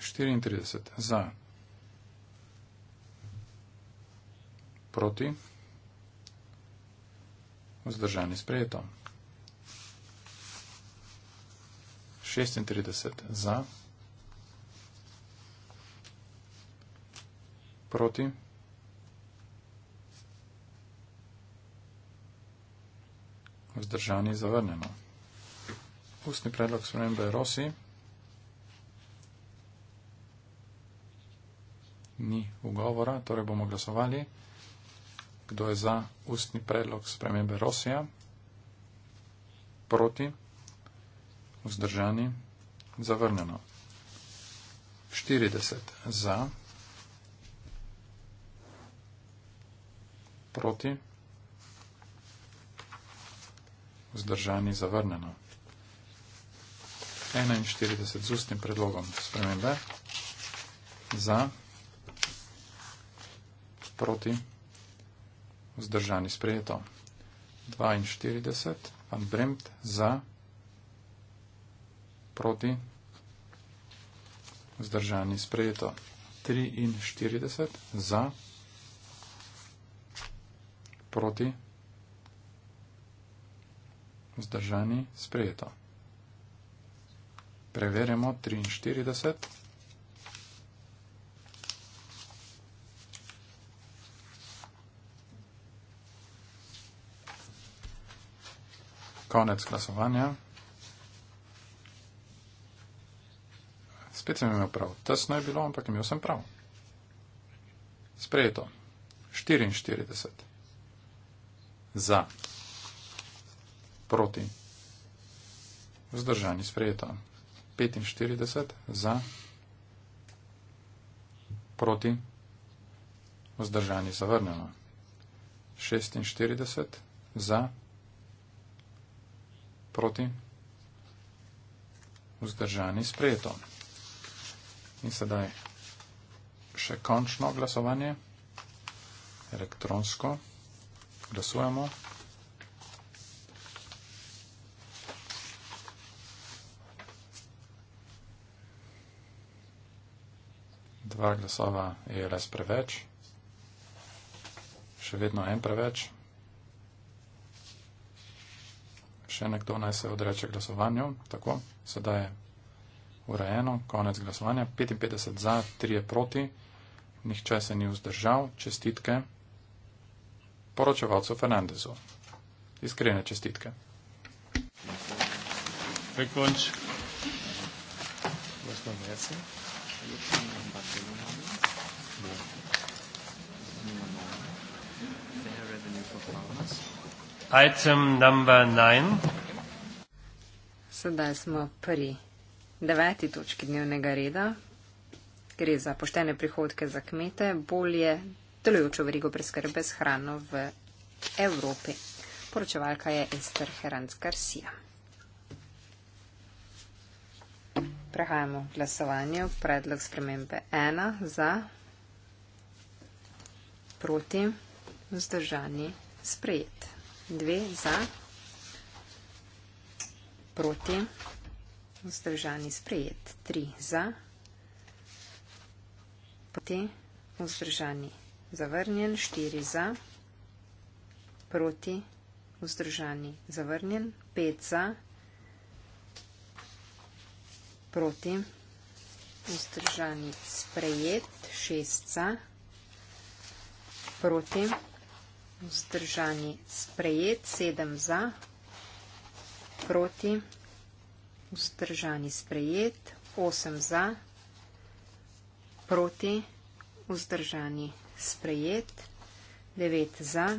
Štiriintrideset za proti vzdržani sprejeto. 36 za, proti, vzdržani zavrnjeno. Ustni predlog spremembe Rosi ni ugovora, torej bomo glasovali. Kdo je za ustni predlog spremembe Rosija? Proti? Vzdržani? Zavrnjeno. 40 za. Proti? Vzdržani? Zavrnjeno. 41 z ustnim predlogom spremembe. Za. Proti? Proti? Vzdržani sprejeto. 42. Van Bremt za. Proti. Vzdržani sprejeto. 43. Za. Proti. Vzdržani sprejeto. Preverimo 43. konec glasovanja. Spet sem imel prav. Tesno je bilo, ampak imel sem prav. Sprejeto. 44. Za. Proti. Vzdržani. Sprejeto. 45. Za. Proti. Vzdržani. Zavrnjeno. 46. Za proti, vzdržani, sprejeto. In sedaj še končno glasovanje, elektronsko, glasujemo. Dva glasova je res preveč, še vedno en preveč. še nekdo naj se odreče glasovanju. Tako, sedaj je urejeno, konec glasovanja. 55 za, 3 proti, nihče se ni vzdržal. Čestitke poročevalcu Fernandezu. Iskrene čestitke. Fair revenue for farmers. Item number nine. Sedaj smo pri deveti točki dnevnega reda. Gre za poštene prihodke za kmete, bolje delujočo verigo preskrbe s hrano v Evropi. Poročevalka je Ester Heranc Garcia. Prehajamo v glasovanje. Predlog spremembe ena za proti vzdržani sprejeti dve za, proti, vzdržani sprejet, tri za, proti, vzdržani zavrnjen, štiri za, proti, vzdržani zavrnjen, pet za, proti, vzdržani sprejet, šest za, proti, vzdržani sprejet, vzdržani, sprejet, sedem za, proti, vzdržani, sprejet, osem za, proti, vzdržani, sprejet, devet za,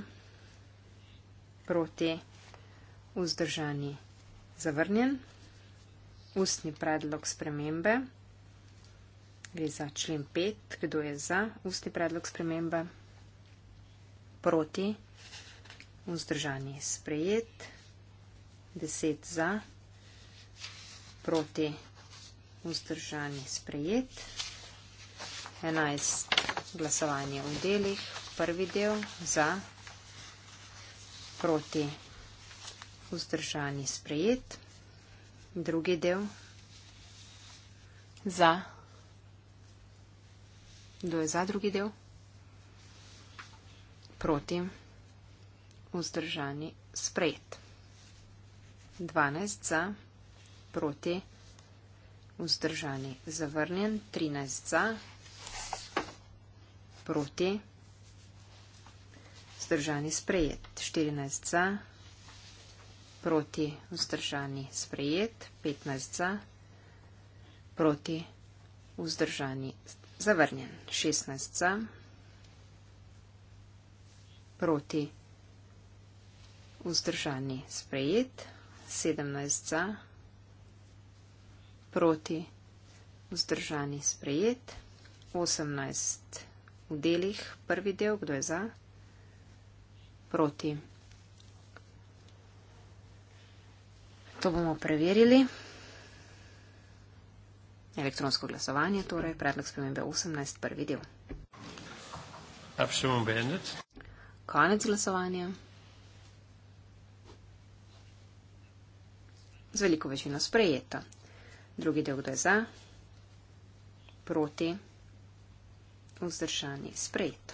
proti, vzdržani, zavrnjen, ustni predlog spremembe, gre za člen pet, kdo je za ustni predlog spremembe, vzdržani, proti, vzdržani sprejet, 10 za, proti, vzdržani sprejet, 11 glasovanje v delih, prvi del za, proti, vzdržani sprejet, drugi del za, kdo je za drugi del? proti, vzdržani, sprejet. 12 za, proti, vzdržani, zavrnjen. 13 za, proti, vzdržani, sprejet. 14 za, proti, vzdržani, sprejet. 15 za, proti, vzdržani, zavrnjen. 16 za, proti proti. Vzdržani sprejet, 17 za, proti. Vzdržani sprejet, 18 v delih, prvi del, kdo je za, proti. To bomo preverili. Elektronsko glasovanje, torej predlog spremembe 18, prvi del. Absolutno konec glasovanja. Z veliko večino sprejeto. Drugi del, kdo je za, proti, vzdržani, sprejeto.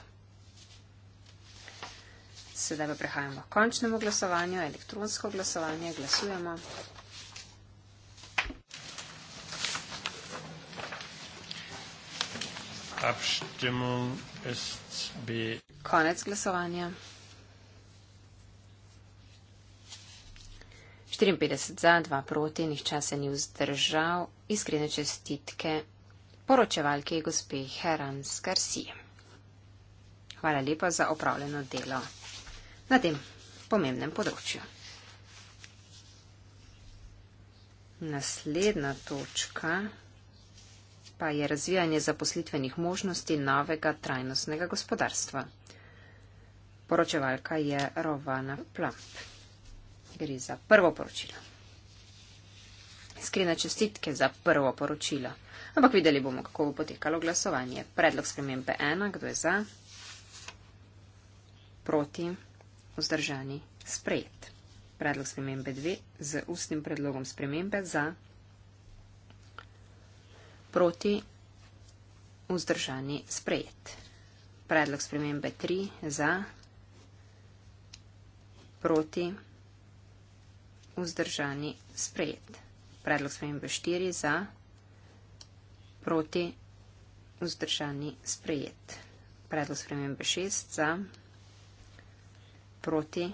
Sedaj pa prehajamo k končnemu glasovanju, elektronsko glasovanje, glasujemo. Abstimmung ist B. Konec glasovanja. 54 za, 2 proti, nihče se ni vzdržal. Iskrene čestitke poročevalke gospe Herans Garci. Hvala lepa za opravljeno delo na tem pomembnem področju. Naslednja točka pa je razvijanje zaposlitvenih možnosti novega trajnostnega gospodarstva. Poročevalka je Rovana Plamp. Gre za prvo poročilo. Iskrene čestitke za prvo poročilo. Ampak videli bomo, kako bo potekalo glasovanje. Predlog spremembe ena, kdo je za, proti, vzdržani, sprejet. Predlog spremembe dve, z ustnim predlogom spremembe za, proti vzdržani sprejet. Predlog spremembe 3 za proti vzdržani sprejet. Predlog spremembe 4 za proti vzdržani sprejet. Predlog spremembe 6 za proti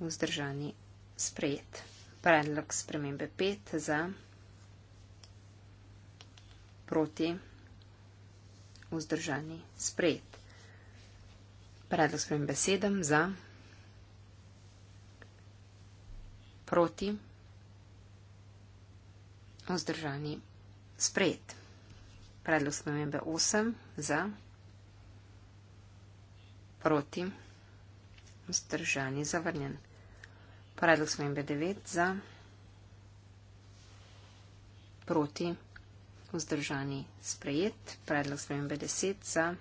vzdržani sprejet. Predlog spremembe 5 za proti vzdržani sprejet proti, vzdržani, sprejet. Predlog spremem besedam za, proti, vzdržani, sprejet. Predlog spremembe 8 za, proti, vzdržani, zavrnjen. Predlog spremembe 9 za, proti, vzdržani, sprejet vzdržani sprejet. Predlog spremembe 10 za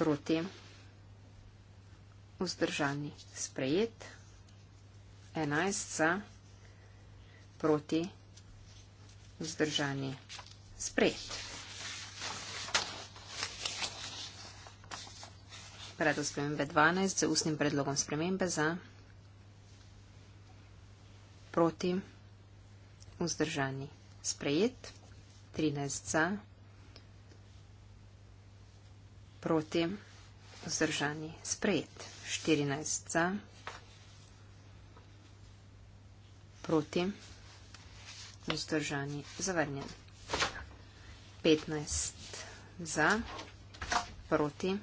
proti vzdržani sprejet. 11 za proti vzdržani sprejet. Predlog spremembe 12 z ustnim predlogom spremembe za proti vzdržani sprejet vzdržani. Sprejet, 13 za, proti, vzdržani, sprejet, 14 za, proti, vzdržani, zavrnjen, 15 za, proti,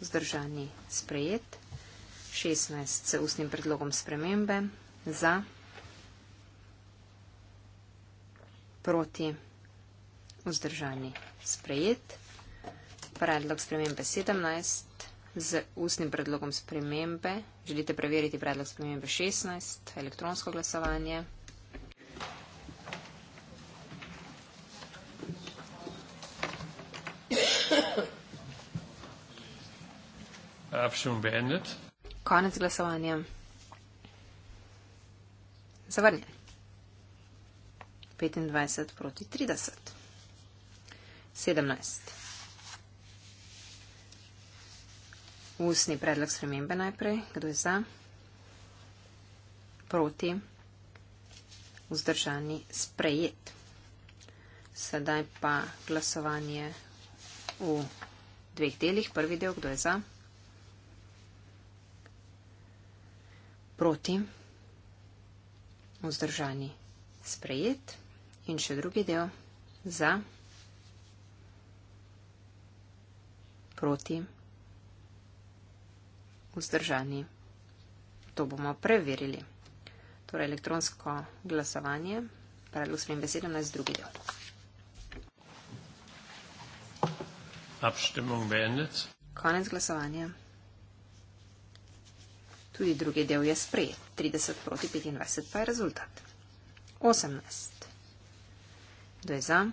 vzdržani, sprejet, 16 se ustnim predlogom spremembe, za, proti, vzdržani, sprejet, 16 za, proti, vzdržani, sprejet, 16 se ustnim predlogom spremembe, za, proti vzdržani sprejet. Predlog spremembe 17 z ustnim predlogom spremembe. Želite preveriti predlog spremembe 16, elektronsko glasovanje. Konec glasovanja. Zavrnjen. 25 proti 30. 17. Usni predlog spremembe najprej. Kdo je za? Proti. Vzdržani sprejet. Sedaj pa glasovanje v dveh delih. Prvi del, kdo je za? Proti. Vzdržani sprejet in še drugi del za, proti, vzdržani. To bomo preverili. Torej, elektronsko glasovanje, predlog svojim besedom, naj z drugi del. Abstimmung beendet. Konec glasovanja. Tudi drugi del je sprejet. 30 proti 25 pa je rezultat. 18. Kdo je za?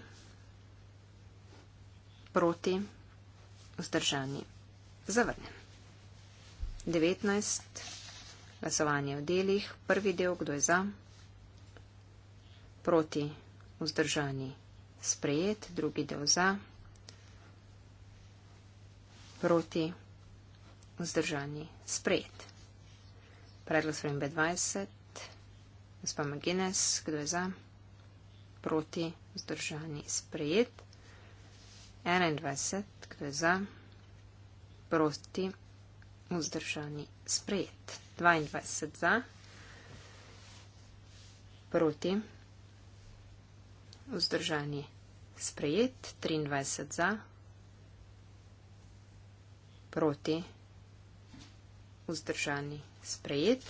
Proti? Vzdržani? Zavrnjen. 19. Glasovanje v delih. Prvi del, kdo je za? Proti? Vzdržani? Sprejet. Drugi del za? Proti? Vzdržani? Sprejet. Predlog spremembe 20. Gospa Magines, kdo je za? Proti? vzdržani, sprejet, 21, kdo je za, proti, vzdržani, sprejet, 22 za, proti, vzdržani, sprejet, 23 za, proti, vzdržani, sprejet, 24 za, proti, vzdržani, sprejet,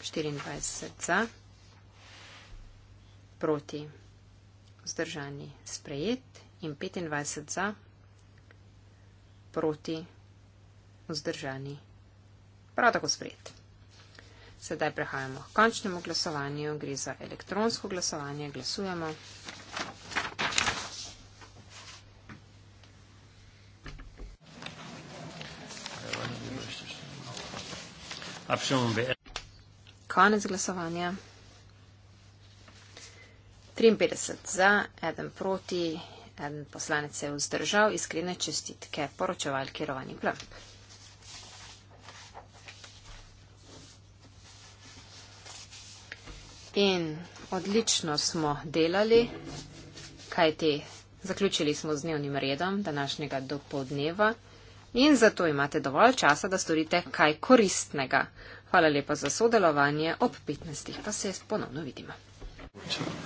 24 za, proti, vzdržani, sprejet in 25 za, proti, vzdržani, prav tako sprejet. Sedaj prehajamo k končnemu glasovanju, gre za elektronsko glasovanje, glasujemo. Konec glasovanja. 53 za, eden proti, eden poslanec se je vzdržal. Iskrene čestitke poročevalki Rovani Plamp. In odlično smo delali, kajti zaključili smo z dnevnim redom današnjega dopoldneva in zato imate dovolj časa, da storite kaj koristnega. Hvala lepa za sodelovanje, ob 15. pa se ponovno vidimo. Čau.